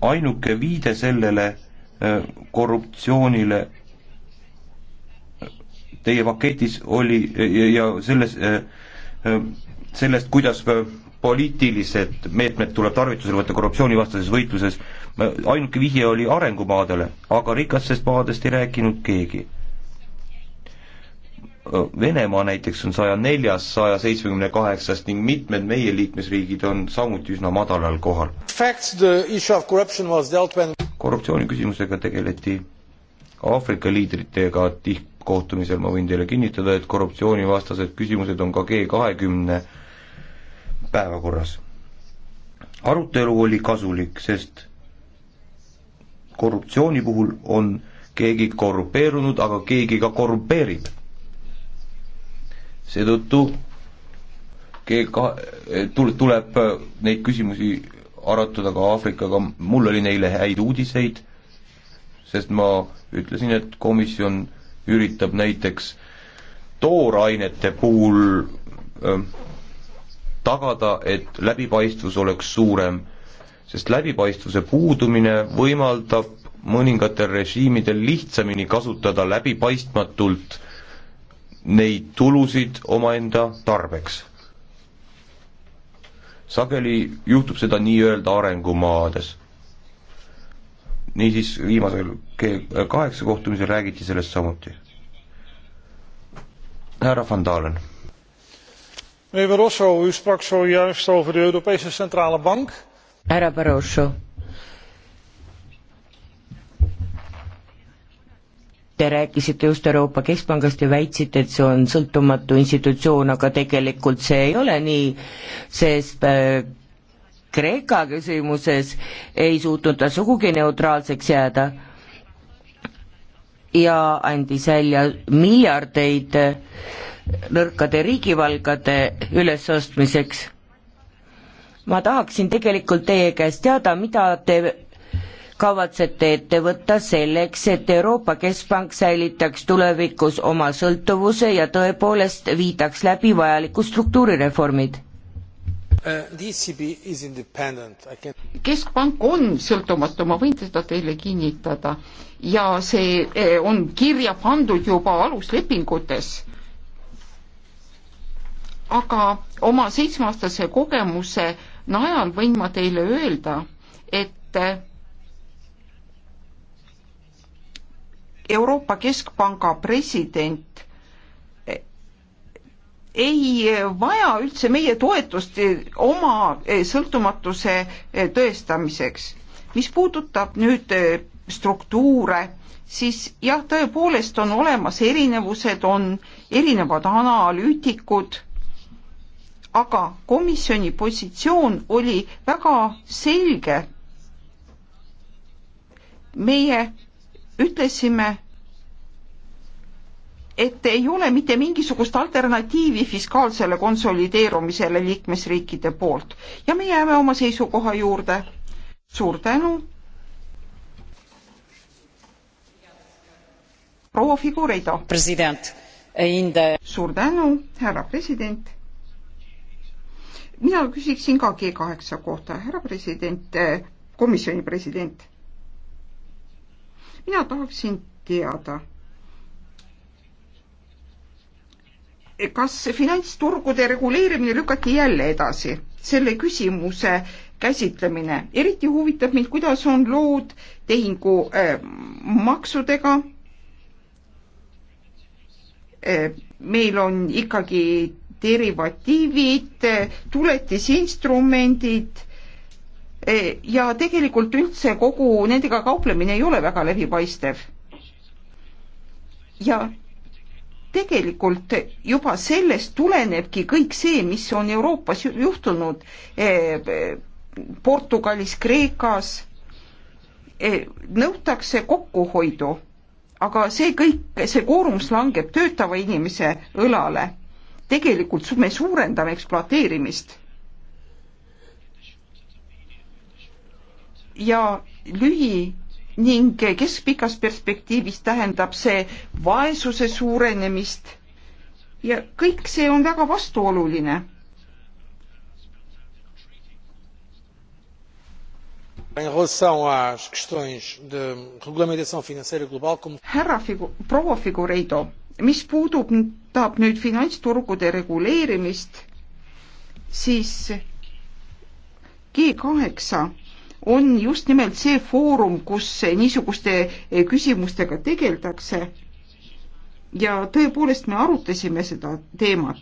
ainuke viide sellele äh, korruptsioonile äh, teie paketis oli ja selles, sellest, kuidas poliitilised meetmed tuleb tarvitusele võtta korruptsioonivastases võitluses, ainuke vihje oli arengumaadele, aga rikastest maadest ei rääkinud keegi. Venemaa näiteks on saja neljas, saja seitsmekümne kaheksas ning mitmed meie liikmesriigid on samuti üsna madalal kohal. korruptsiooni küsimusega tegeleti Aafrika liidritega tippkohtumisel, ma võin teile kinnitada, et korruptsioonivastased küsimused on ka G kahekümne päevakorras arutelu oli kasulik, sest korruptsiooni puhul on keegi korrupeerunud, aga keegi ka korrumpeerib. seetõttu G2, tuleb äh, neid küsimusi arutada ka Aafrikaga, mul oli neile häid uudiseid, sest ma ütlesin, et komisjon üritab näiteks toorainete puhul öö, äh, tagada, et läbipaistvus oleks suurem sest läbipaistvuse puudumine võimaldab mõningatel režiimidel lihtsamini kasutada läbipaistmatult neid tulusid omaenda tarbeks. sageli juhtub seda nii-öelda arengumaades. niisiis viimasel kaheksa kohtumisel räägiti sellest samuti. härra Van Dalen. Meneer Barroso, u sprak zojuist over de Europese Centrale Bank härra Barroso. Te rääkisite just Euroopa Keskpangast ja väitsite, et see on sõltumatu institutsioon, aga tegelikult see ei ole nii, sest äh, Kreeka küsimuses ei suutnud ta sugugi neutraalseks jääda ja andis välja miljardeid äh, nõrkade riigivalgade ülesostmiseks ma tahaksin tegelikult teie käest teada, mida te kavatsete ette võtta selleks, et Euroopa Keskpank säilitaks tulevikus oma sõltuvuse ja tõepoolest viidaks läbi vajalikud struktuurireformid? keskpank on sõltumatu, ma võin seda teile kinnitada ja see eh, on kirja pandud juba aluslepingutes aga oma seitsmeaastase kogemuse najal võin ma teile öelda, et Euroopa Keskpanga president ei vaja üldse meie toetust oma sõltumatuse tõestamiseks. mis puudutab nüüd struktuure, siis jah, tõepoolest on olemas erinevused, on erinevad analüütikud aga komisjoni positsioon oli väga selge. meie ütlesime, et ei ole mitte mingisugust alternatiivi fiskaalsele konsolideerumisele liikmesriikide poolt ja me jääme oma seisukoha juurde. suur tänu. proua Figureido. suur tänu, härra president mina küsiksin ka G kaheksa kohta, härra president, eh, komisjoni president. mina tahaksin teada kas finantsturgude reguleerimine lükati jälle edasi? selle küsimuse käsitlemine, eriti huvitab mind, kuidas on lood tehingu äh, maksudega äh,. meil on ikkagi derivatiivid, tuletisinstrumendid e, ja tegelikult üldse kogu nendega kauplemine ei ole väga läbipaistev. ja tegelikult juba sellest tulenebki kõik see, mis on Euroopas juhtunud e, e, Portugalis, Kreekas, nõutakse kokkuhoidu, aga see kõik, see koormus langeb töötava inimese õlale tegelikult me suurendame ekspluateerimist. ja lühi ning keskpikas perspektiivis tähendab see vaesuse suurenemist ja kõik see on väga vastuoluline em relação às questões de regulamentação financeira global como Herra Figu, Proa Figueiredo mis puudutab nüüd finantsturgude reguleerimist, siis G kaheksa on just nimelt see foorum, kus niisuguste eh, küsimustega tegeldakse. ja tõepoolest me arutasime seda teemat.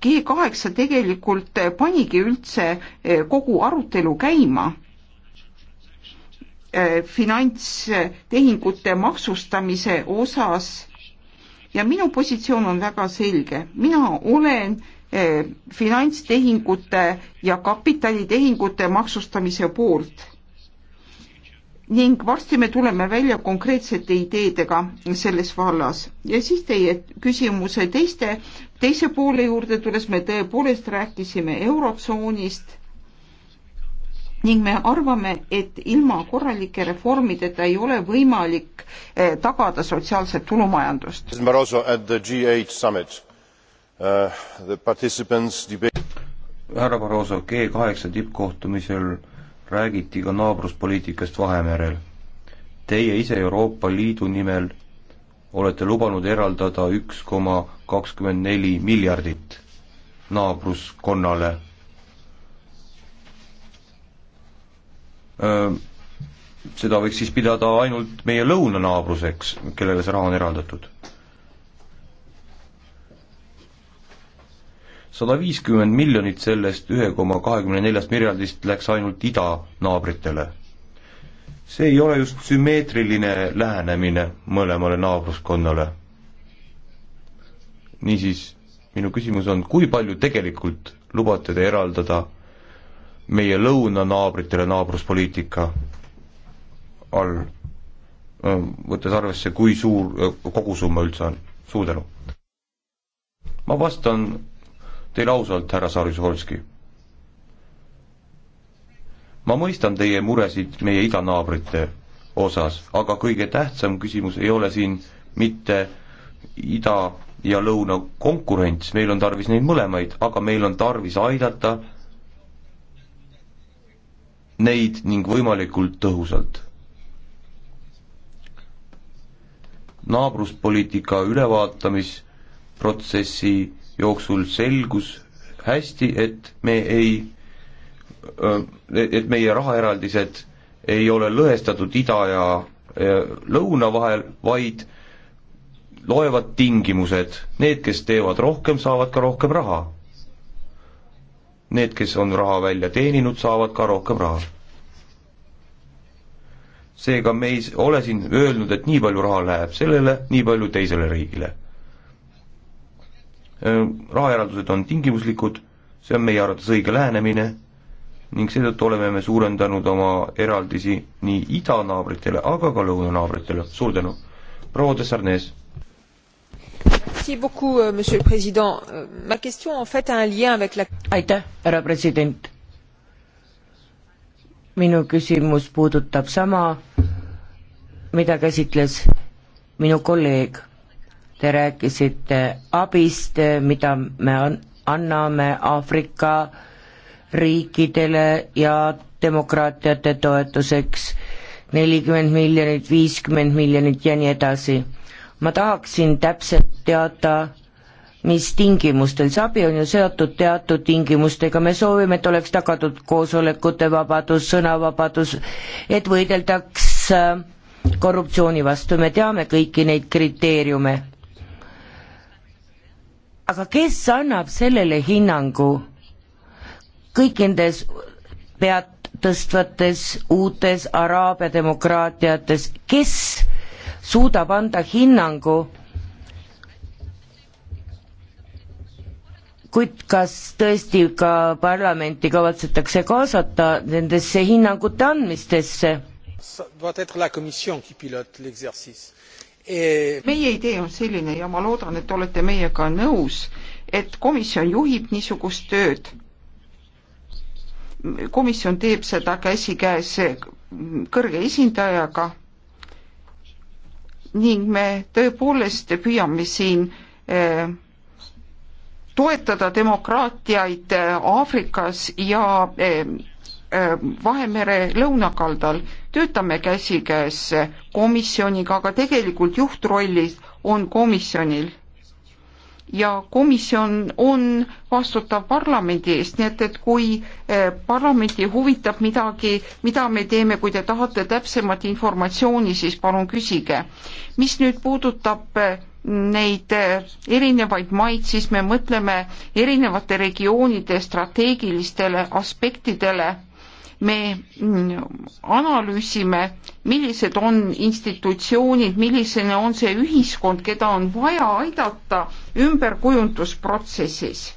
G kaheksa tegelikult eh, panigi üldse eh, kogu arutelu käima Äh, finantstehingute maksustamise osas ja minu positsioon on väga selge, mina olen äh, finantstehingute ja kapitalitehingute maksustamise poolt. ning varsti me tuleme välja konkreetsete ideedega selles vallas ja siis teie küsimuse teiste, teise poole juurde tulles me tõepoolest rääkisime Eurotsoonist ning me arvame, et ilma korralike reformideta ei ole võimalik eh, tagada sotsiaalset tulumajandust. Eh, härra Barroso, G kaheksa tippkohtumisel räägiti ka naabruspoliitikast Vahemerel. Teie ise Euroopa Liidu nimel olete lubanud eraldada üks koma kakskümmend neli miljardit naabruskonnale Äh, seda võiks siis pidada ainult meie lõunanaabruseks, kellele see raha on eraldatud. sada viiskümmend miljonit sellest ühe koma kahekümne neljast miljardist läks ainult idanaabritele. see ei ole just sümmeetriline lähenemine mõlemale naabruskonnale. niisiis, minu küsimus on, kui palju tegelikult lubate te eraldada meie lõunanaabritele naabruspoliitika all, võttes arvesse, kui suur kogusumma üldse on. suur tänu! ma vastan teile ausalt, härra Sarjusvolski. ma mõistan teie muresid meie idanaabrite osas, aga kõige tähtsam küsimus ei ole siin mitte ida ja lõuna konkurents, meil on tarvis neid mõlemaid, aga meil on tarvis aidata neid ning võimalikult tõhusalt. naabruspoliitika ülevaatamisprotsessi jooksul selgus hästi, et me ei, et meie rahaeraldised ei ole lõhestatud ida ja lõuna vahel, vaid loevad tingimused, need, kes teevad rohkem, saavad ka rohkem raha Need, kes on raha välja teeninud, saavad ka rohkem raha. seega me ei ole siin öelnud, et nii palju raha läheb sellele, nii palju teisele riigile. rahaeraldused on tingimuslikud, see on meie arvates õige lähenemine ning seetõttu oleme me suurendanud oma eraldisi nii idanaabritele, aga ka lõunanaabritele. suur tänu, proua Dessarnes! Euh, euh, aitäh, härra president. minu küsimus puudutab sama, mida käsitles minu kolleeg. Te rääkisite abist, mida me anname Aafrika riikidele ja demokraatiate toetuseks nelikümmend miljonit, viiskümmend miljonit ja nii edasi ma tahaksin täpselt teada, mis tingimustel, see abi on ju seotud teatud tingimustega, me soovime, et oleks tagatud koosolekute vabadus, sõnavabadus, et võideldaks äh, korruptsiooni vastu, me teame kõiki neid kriteeriume. aga kes annab sellele hinnangu kõik nendes pead tõstvates uutes araabia demokraatiates, kes suudab anda hinnangu, kuid kas tõesti ka parlamenti kavatsetakse kaasata nendesse hinnangute andmistesse? meie idee on selline ja ma loodan, et olete meiega nõus, et komisjon juhib niisugust tööd. komisjon teeb seda käsikäes kõrge esindajaga ning me tõepoolest püüame siin eh, toetada demokraatiaid eh, Aafrikas ja eh, Vahemere lõunakaldal töötame käsikäes komisjoniga, aga tegelikult juhtrollis on komisjonil ja komisjon on vastutav parlamendi eest, nii et, et kui eh, parlamenti huvitab midagi, mida me teeme, kui te tahate täpsemat informatsiooni, siis palun küsige. mis nüüd puudutab eh, neid eh, erinevaid maid, siis me mõtleme erinevate regioonide strateegilistele aspektidele me mm, analüüsime, millised on institutsioonid, milline on see ühiskond, keda on vaja aidata ümberkujundusprotsessis.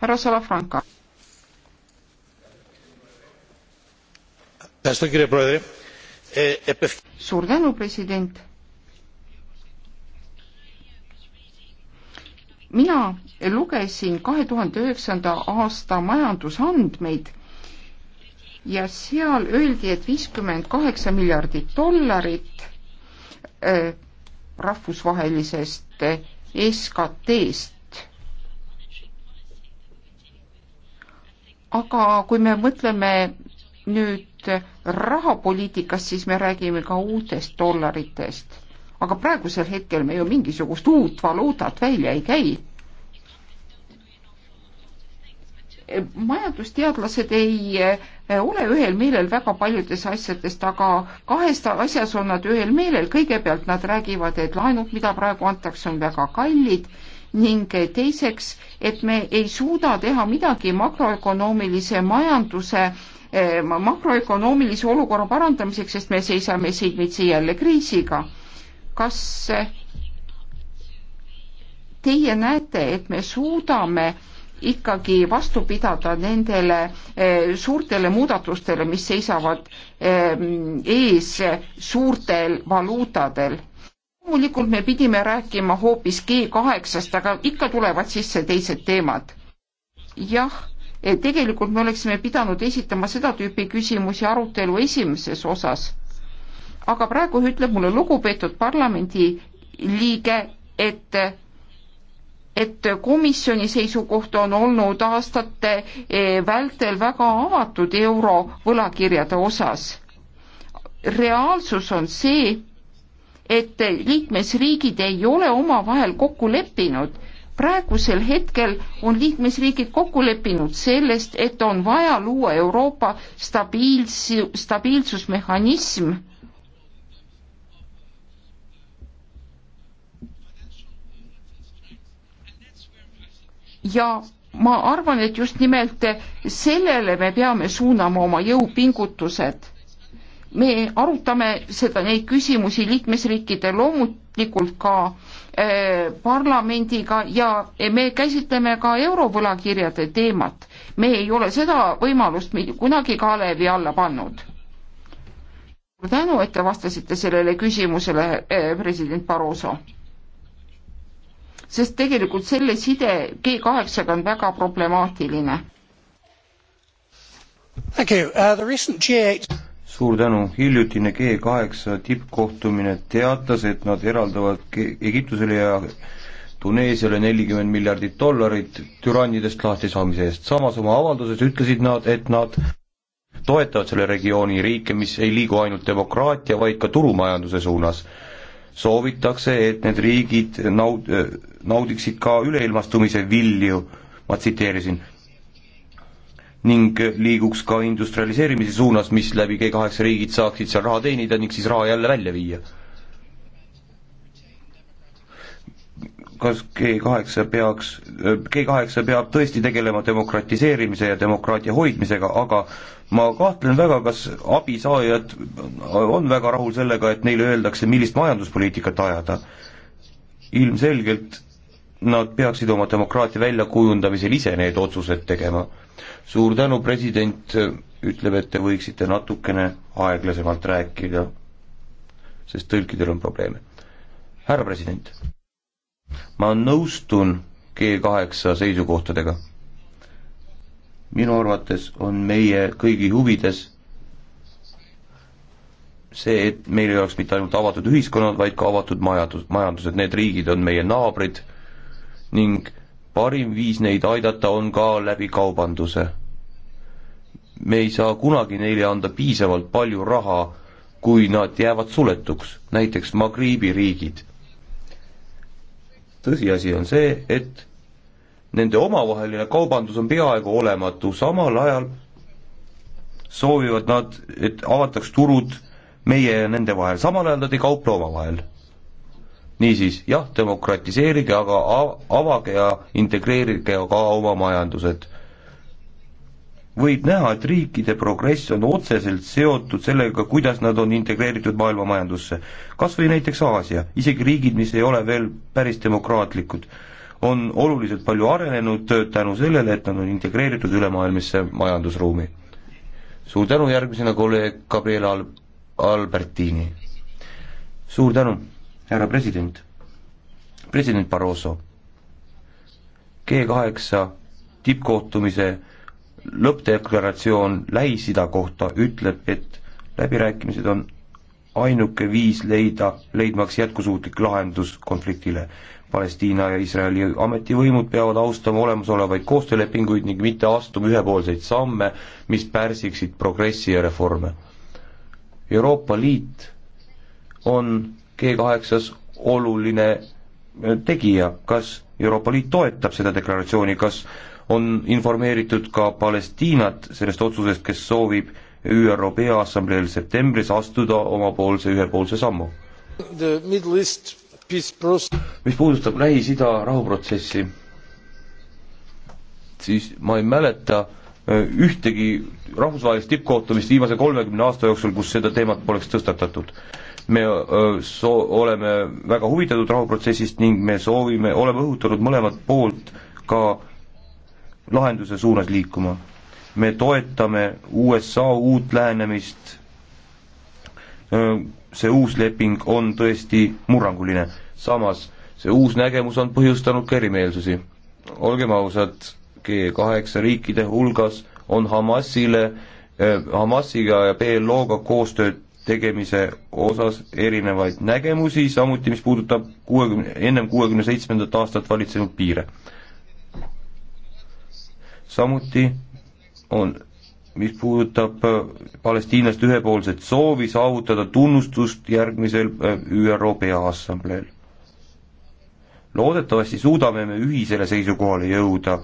härra Salafranca. suur tänu, president mina lugesin kahe tuhande üheksanda aasta majandusandmeid ja seal öeldi, et viiskümmend kaheksa miljardit dollarit äh, rahvusvahelisest äh, SKT-st. aga kui me mõtleme nüüd rahapoliitikast, siis me räägime ka uutest dollaritest aga praegusel hetkel me ju mingisugust uut valuutat välja ei käi. majandusteadlased ei eh, ole ühel meelel väga paljudes asjadest, aga kahes asjas on nad ühel meelel, kõigepealt nad räägivad, et laenud, mida praegu antakse, on väga kallid ning teiseks, et me ei suuda teha midagi makroökonoomilise majanduse eh, makroökonoomilise olukorra parandamiseks, sest me seisame silmitsi jälle kriisiga kas teie näete, et me suudame ikkagi vastu pidada nendele eh, suurtele muudatustele, mis seisavad eh, ees suurtel valuutadel? loomulikult me pidime rääkima hoopis G kaheksast, aga ikka tulevad sisse teised teemad. jah, eh, tegelikult me oleksime pidanud esitama seda tüüpi küsimusi arutelu esimeses osas aga praegu ütleb mulle lugupeetud parlamendi liige, et et komisjoni seisukoht on olnud aastate eh, vältel väga avatud euro võlakirjade osas. reaalsus on see, et liikmesriigid ei ole omavahel kokku leppinud. praegusel hetkel on liikmesriigid kokku leppinud sellest, et on vaja luua Euroopa stabiils-, stabiilsusmehhanism ja ma arvan, et just nimelt sellele me peame suunama oma jõupingutused. me arutame seda, neid küsimusi liikmesriikide loomulikult ka äh, parlamendiga ja me käsitleme ka eurovõlakirjade teemat. me ei ole seda võimalust kunagi kalevi alla pannud. suur tänu, et te vastasite sellele küsimusele äh,, president Barroso sest tegelikult selle side G8-ga on väga problemaatiline. Uh, suur tänu, hiljutine G8 tippkohtumine teatas, et nad eraldavad Egiptusele ja Tuneesiale nelikümmend miljardit dollarit türannidest lahtisaamise eest, samas oma avalduses ütlesid nad, et nad toetavad selle regiooni riike, mis ei liigu ainult demokraatia, vaid ka turumajanduse suunas soovitakse, et need riigid naud-, naudiksid ka üleilmastumise vilju, ma tsiteerisin, ning liiguks ka industrialiseerimise suunas, mis läbi G kaheksa riigid saaksid seal raha teenida ning siis raha jälle välja viia kas G kaheksa peaks, G kaheksa peab tõesti tegelema demokratiseerimise ja demokraatia hoidmisega, aga ma kahtlen väga, kas abisaajad on väga rahul sellega, et neile öeldakse, millist majanduspoliitikat ajada. ilmselgelt nad peaksid oma demokraatia väljakujundamisel ise need otsused tegema. suur tänu, president ütleb, et te võiksite natukene aeglasemalt rääkida, sest tõlkidel on probleeme. härra president ma nõustun G kaheksa seisukohtadega. minu arvates on meie kõigi huvides see, et meil ei oleks mitte ainult avatud ühiskonnad, vaid ka avatud majandus, majandused, need riigid on meie naabrid ning parim viis neid aidata on ka läbi kaubanduse. me ei saa kunagi neile anda piisavalt palju raha, kui nad jäävad suletuks, näiteks Magriibi riigid tõsiasi on see, et nende omavaheline kaubandus on peaaegu olematu, samal ajal soovivad nad, et avataks turud meie ja nende vahel, samal ajal nad ei kauple omavahel. niisiis, jah, demokratiseerige, aga avage ja integreerige ka oma majandused võib näha, et riikide progress on otseselt seotud sellega, kuidas nad on integreeritud maailma majandusse. kas või näiteks Aasia, isegi riigid, mis ei ole veel päris demokraatlikud, on oluliselt palju arenenud tänu sellele, et nad on integreeritud ülemaailmisse majandusruumi. suur tänu, järgmisena kolleeg Gabriela Al-, Albertini. suur tänu, härra president. president Barroso. G kaheksa tippkohtumise lõppdeklaratsioon Lähis-Ida kohta ütleb, et läbirääkimised on ainuke viis leida, leidmaks jätkusuutlik lahendus konfliktile. Palestiina ja Iisraeli ametivõimud peavad austama olemasolevaid koostöölepinguid ning mitte astuma ühepoolseid samme, mis pärsiksid progressi ja reforme. Euroopa Liit on G kaheksas oluline tegija, kas Euroopa Liit toetab seda deklaratsiooni, kas äh, on informeeritud ka Palestiinat sellest otsusest, kes soovib ÜRO Peaassambleel septembris astuda omapoolse ühepoolse sammu. mis puudutab Lähis-Ida rahuprotsessi, siis ma ei mäleta äh, ühtegi rahvusvahelist tippkohtumist viimase kolmekümne aasta jooksul, kus seda teemat poleks tõstatatud me äh, so-, oleme väga huvitatud rahuprotsessist ning me soovime, oleme õhutanud mõlemalt poolt ka lahenduse suunas liikuma. me toetame USA uut lähenemist, see uus leping on tõesti murranguline, samas see uus nägemus on põhjustanud ka erimeelsusi. olgem ausad, G kaheksa riikide hulgas on Hamasile, Hamasiga ja PLO-ga koostööd tegemise osas erinevaid nägemusi, samuti mis puudutab kuuekümne, ennem kuuekümne seitsmendat aastat valitsenud piire samuti on, mis puudutab äh, Palestiinlaste ühepoolset soovi saavutada tunnustust järgmisel äh, ÜRO Peaassambleel. loodetavasti suudame me ühisele seisukohale jõuda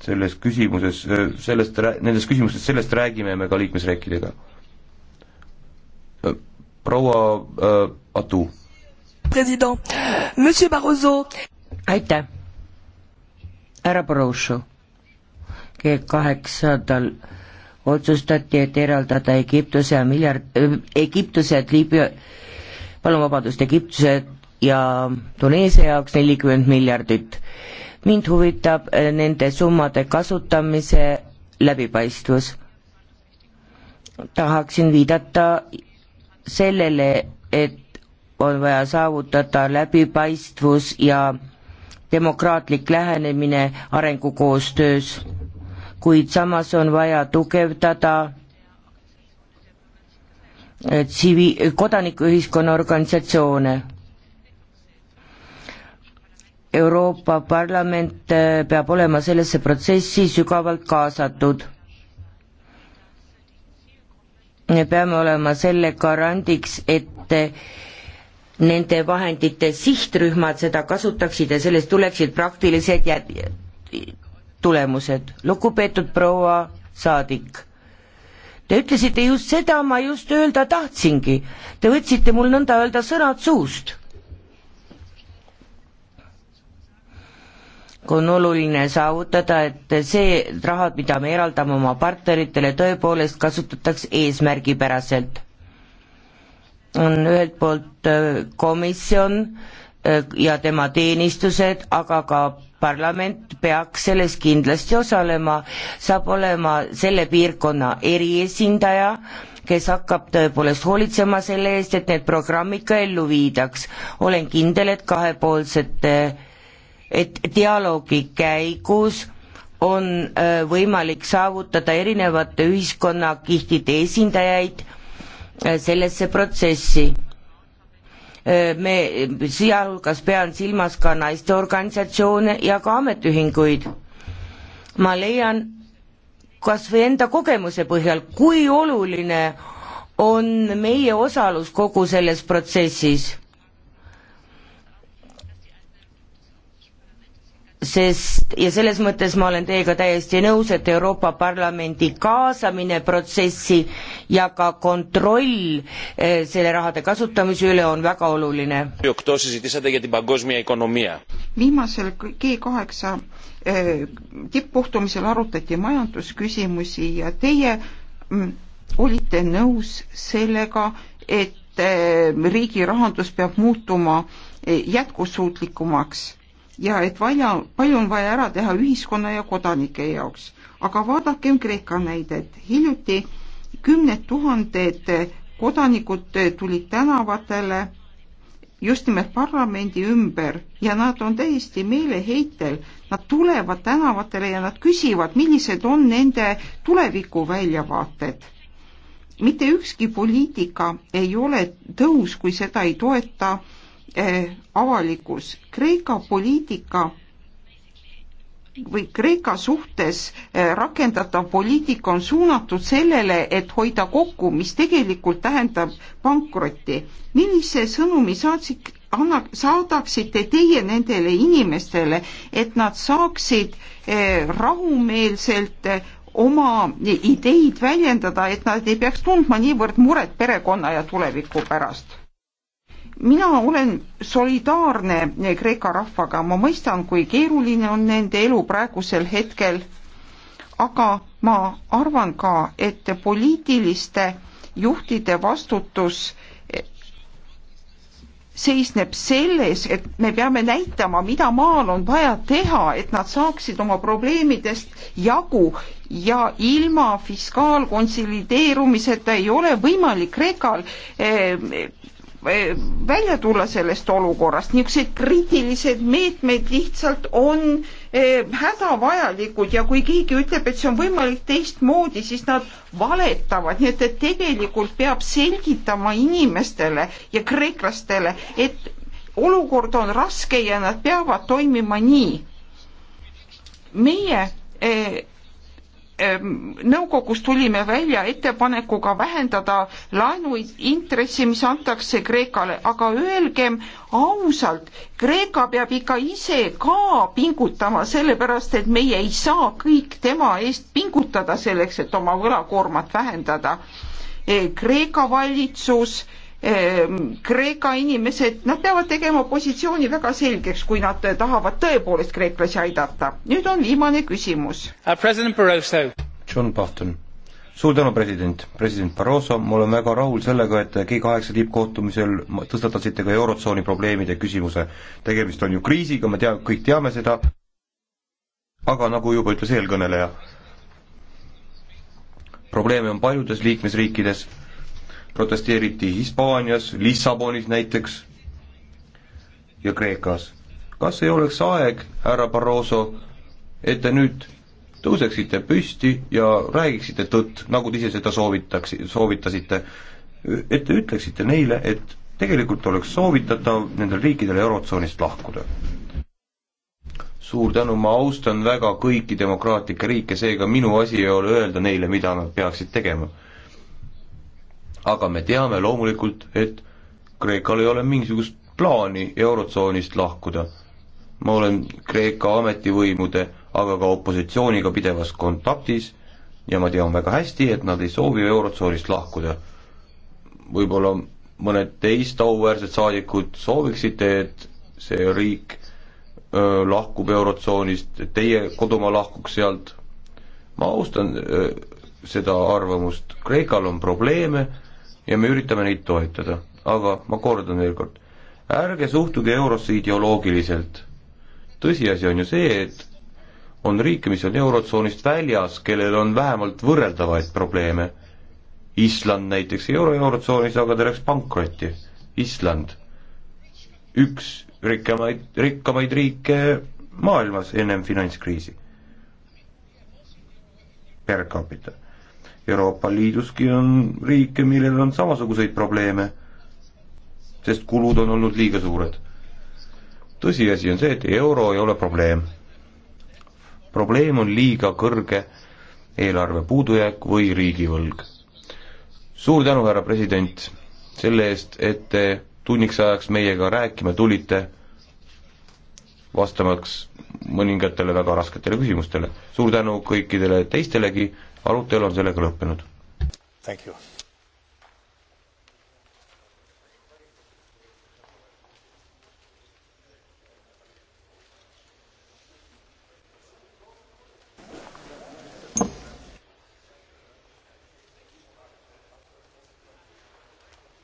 selles küsimuses, äh, sellest, nendes küsimustes, sellest räägime me ka liikmesriikidega. proua äh, Atu. president, monsieur Barroso. aitäh, härra Barroso kaheksandal otsustati, et eraldada Egiptuse ja miljard äh,, Egiptused, Liibüa, palun vabandust, Egiptused ja Tuneesia jaoks nelikümmend miljardit. mind huvitab äh, nende summade kasutamise läbipaistvus. tahaksin viidata sellele, et on vaja saavutada läbipaistvus ja demokraatlik lähenemine arengukoostöös kuid samas on vaja tugevdada eh, tsivi-, kodanikuühiskonna organisatsioone. Euroopa Parlament eh, peab olema sellesse protsessi sügavalt kaasatud. me peame olema selle garandiks, et eh, nende vahendite sihtrühmad seda kasutaksid ja sellest tuleksid praktilised jät-, tulemused. lugupeetud proua saadik, te ütlesite just seda, ma just öelda tahtsingi. Te võtsite mul nõnda öelda sõnad suust. on oluline saavutada, et see rahad, mida me eraldame oma partneritele, tõepoolest kasutatakse eesmärgipäraselt. on ühelt poolt äh, komisjon äh, ja tema teenistused, aga ka parlament peaks selles kindlasti osalema, saab olema selle piirkonna eriesindaja, kes hakkab tõepoolest hoolitsema selle eest, et need programmid ka ellu viidaks. olen kindel, et kahepoolsete, et dialoogi käigus on äh, võimalik saavutada erinevate ühiskonnakihtide esindajaid äh, sellesse protsessi Äh, me, sealhulgas pean silmas ka naisteorganisatsioone ja ka ametiühinguid. ma leian kas või enda kogemuse põhjal, kui oluline on meie osalus kogu selles protsessis sest ja selles mõttes ma olen teiega täiesti nõus, et Euroopa Parlamendi kaasamine protsessi ja ka kontroll eh, selle rahade kasutamise üle on väga oluline. viimasel G kaheksa eh, tippkohtumisel arutati majandusküsimusi ja teie mm, olite nõus sellega, et eh, riigi rahandus peab muutuma jätkusuutlikumaks ja et vaja, palju on vaja ära teha ühiskonna ja kodanike jaoks. aga vaadakem Kreeka näidet, hiljuti kümned tuhanded kodanikud tulid tänavatele just nimelt parlamendi ümber ja nad on täiesti meeleheitel, nad tulevad tänavatele ja nad küsivad, millised on nende tuleviku väljavaated mitte ükski poliitika ei ole tõus, kui seda ei toeta Eh, avalikkus. Kreeka poliitika või Kreeka suhtes eh, rakendatav poliitika on suunatud sellele, et hoida kokku, mis tegelikult tähendab pankrotti. millise sõnumi saatsid, anna, saadaksite teie nendele inimestele, et nad saaksid eh, rahumeelselt oma ideid väljendada, et nad ei peaks tundma niivõrd muret perekonna ja tuleviku pärast? mina olen solidaarne Kreeka rahvaga, ma mõistan, kui keeruline on nende elu praegusel hetkel, aga ma arvan ka, et poliitiliste juhtide vastutus seisneb selles, et me peame näitama, mida maal on vaja teha, et nad saaksid oma probleemidest jagu ja ilma fiskaalkonsolideerumiseta ei ole võimalik Kreekal eh, Eh, välja tulla sellest olukorrast, niisugused kriitilised meetmed lihtsalt on eh, hädavajalikud ja kui keegi ütleb, et see on võimalik teistmoodi, siis nad valetavad, nii et, et tegelikult peab selgitama inimestele ja kreeklastele, et olukord on raske ja nad peavad toimima nii. meie eh, Ehm, nõukogus tulime välja ettepanekuga vähendada laenuintressi, mis antakse Kreekale, aga öelgem ausalt, Kreeka peab ikka ise ka pingutama, sellepärast et meie ei saa kõik tema eest pingutada selleks, et oma võlakoormat vähendada. Eh, Kreeka valitsus äh, Ehm, Kreeka inimesed, nad peavad tegema positsiooni väga selgeks, kui nad tahavad tõepoolest kreeklasi aidata. nüüd on viimane küsimus. Äh, president Barroso. John Button. suur tänu, president. president Barroso, ma olen väga rahul sellega, et G8 tippkohtumisel tõstatasite ka Eurotsooni probleemide küsimuse. tegemist on ju kriisiga, me tea-, kõik teame seda, aga nagu juba ütles eelkõneleja, probleeme on paljudes liikmesriikides protesteeriti Hispaanias, Lissabonis näiteks ja Kreekas. kas ei oleks aeg, härra Barroso, et te nüüd tõuseksite püsti ja räägiksite tõtt, nagu te ise seda soovitaks, soovitasite, et te ütleksite neile, et tegelikult oleks soovitatav nendel riikidel Eurotsoonist lahkuda. suur tänu, ma austan väga kõiki demokraatlikke riike, seega minu asi ei ole öelda neile, mida nad peaksid tegema aga me teame loomulikult, et Kreekal ei ole mingisugust plaani Eurotsoonist lahkuda. ma olen Kreeka ametivõimude, aga ka opositsiooniga pidevas kontaktis ja ma tean väga hästi, et nad ei soovi Eurotsoonist lahkuda. võib-olla mõned teist auväärsed saadikud sooviksite, et see riik öö, lahkub Eurotsoonist, et teie kodumaa lahkuks sealt, ma austan öö, seda arvamust, Kreekal on probleeme, ja me üritame neid toetada. aga ma kordan veel kord, ärge suhtuge eurosse ideoloogiliselt. tõsiasi on ju see, et on riike, mis on eurotsoonist väljas, kellel on vähemalt võrreldavaid probleeme. Island näiteks ei ole eurotsoonis, aga ta läks pankrotti. Island, üks rikkamaid, rikkamaid riike maailmas ennem finantskriisi per capita Euroopa Liiduski on riike, millel on samasuguseid probleeme, sest kulud on olnud liiga suured. tõsiasi on see, et euro ei ole probleem. probleem on liiga kõrge eelarve puudujääk või riigivõlg. suur tänu, härra president, selle eest, et te tunniks ajaks meiega rääkima tulite, vastamaks mõningatele väga rasketele küsimustele. suur tänu kõikidele teistelegi, arutelu on sellega lõppenud. Thank you.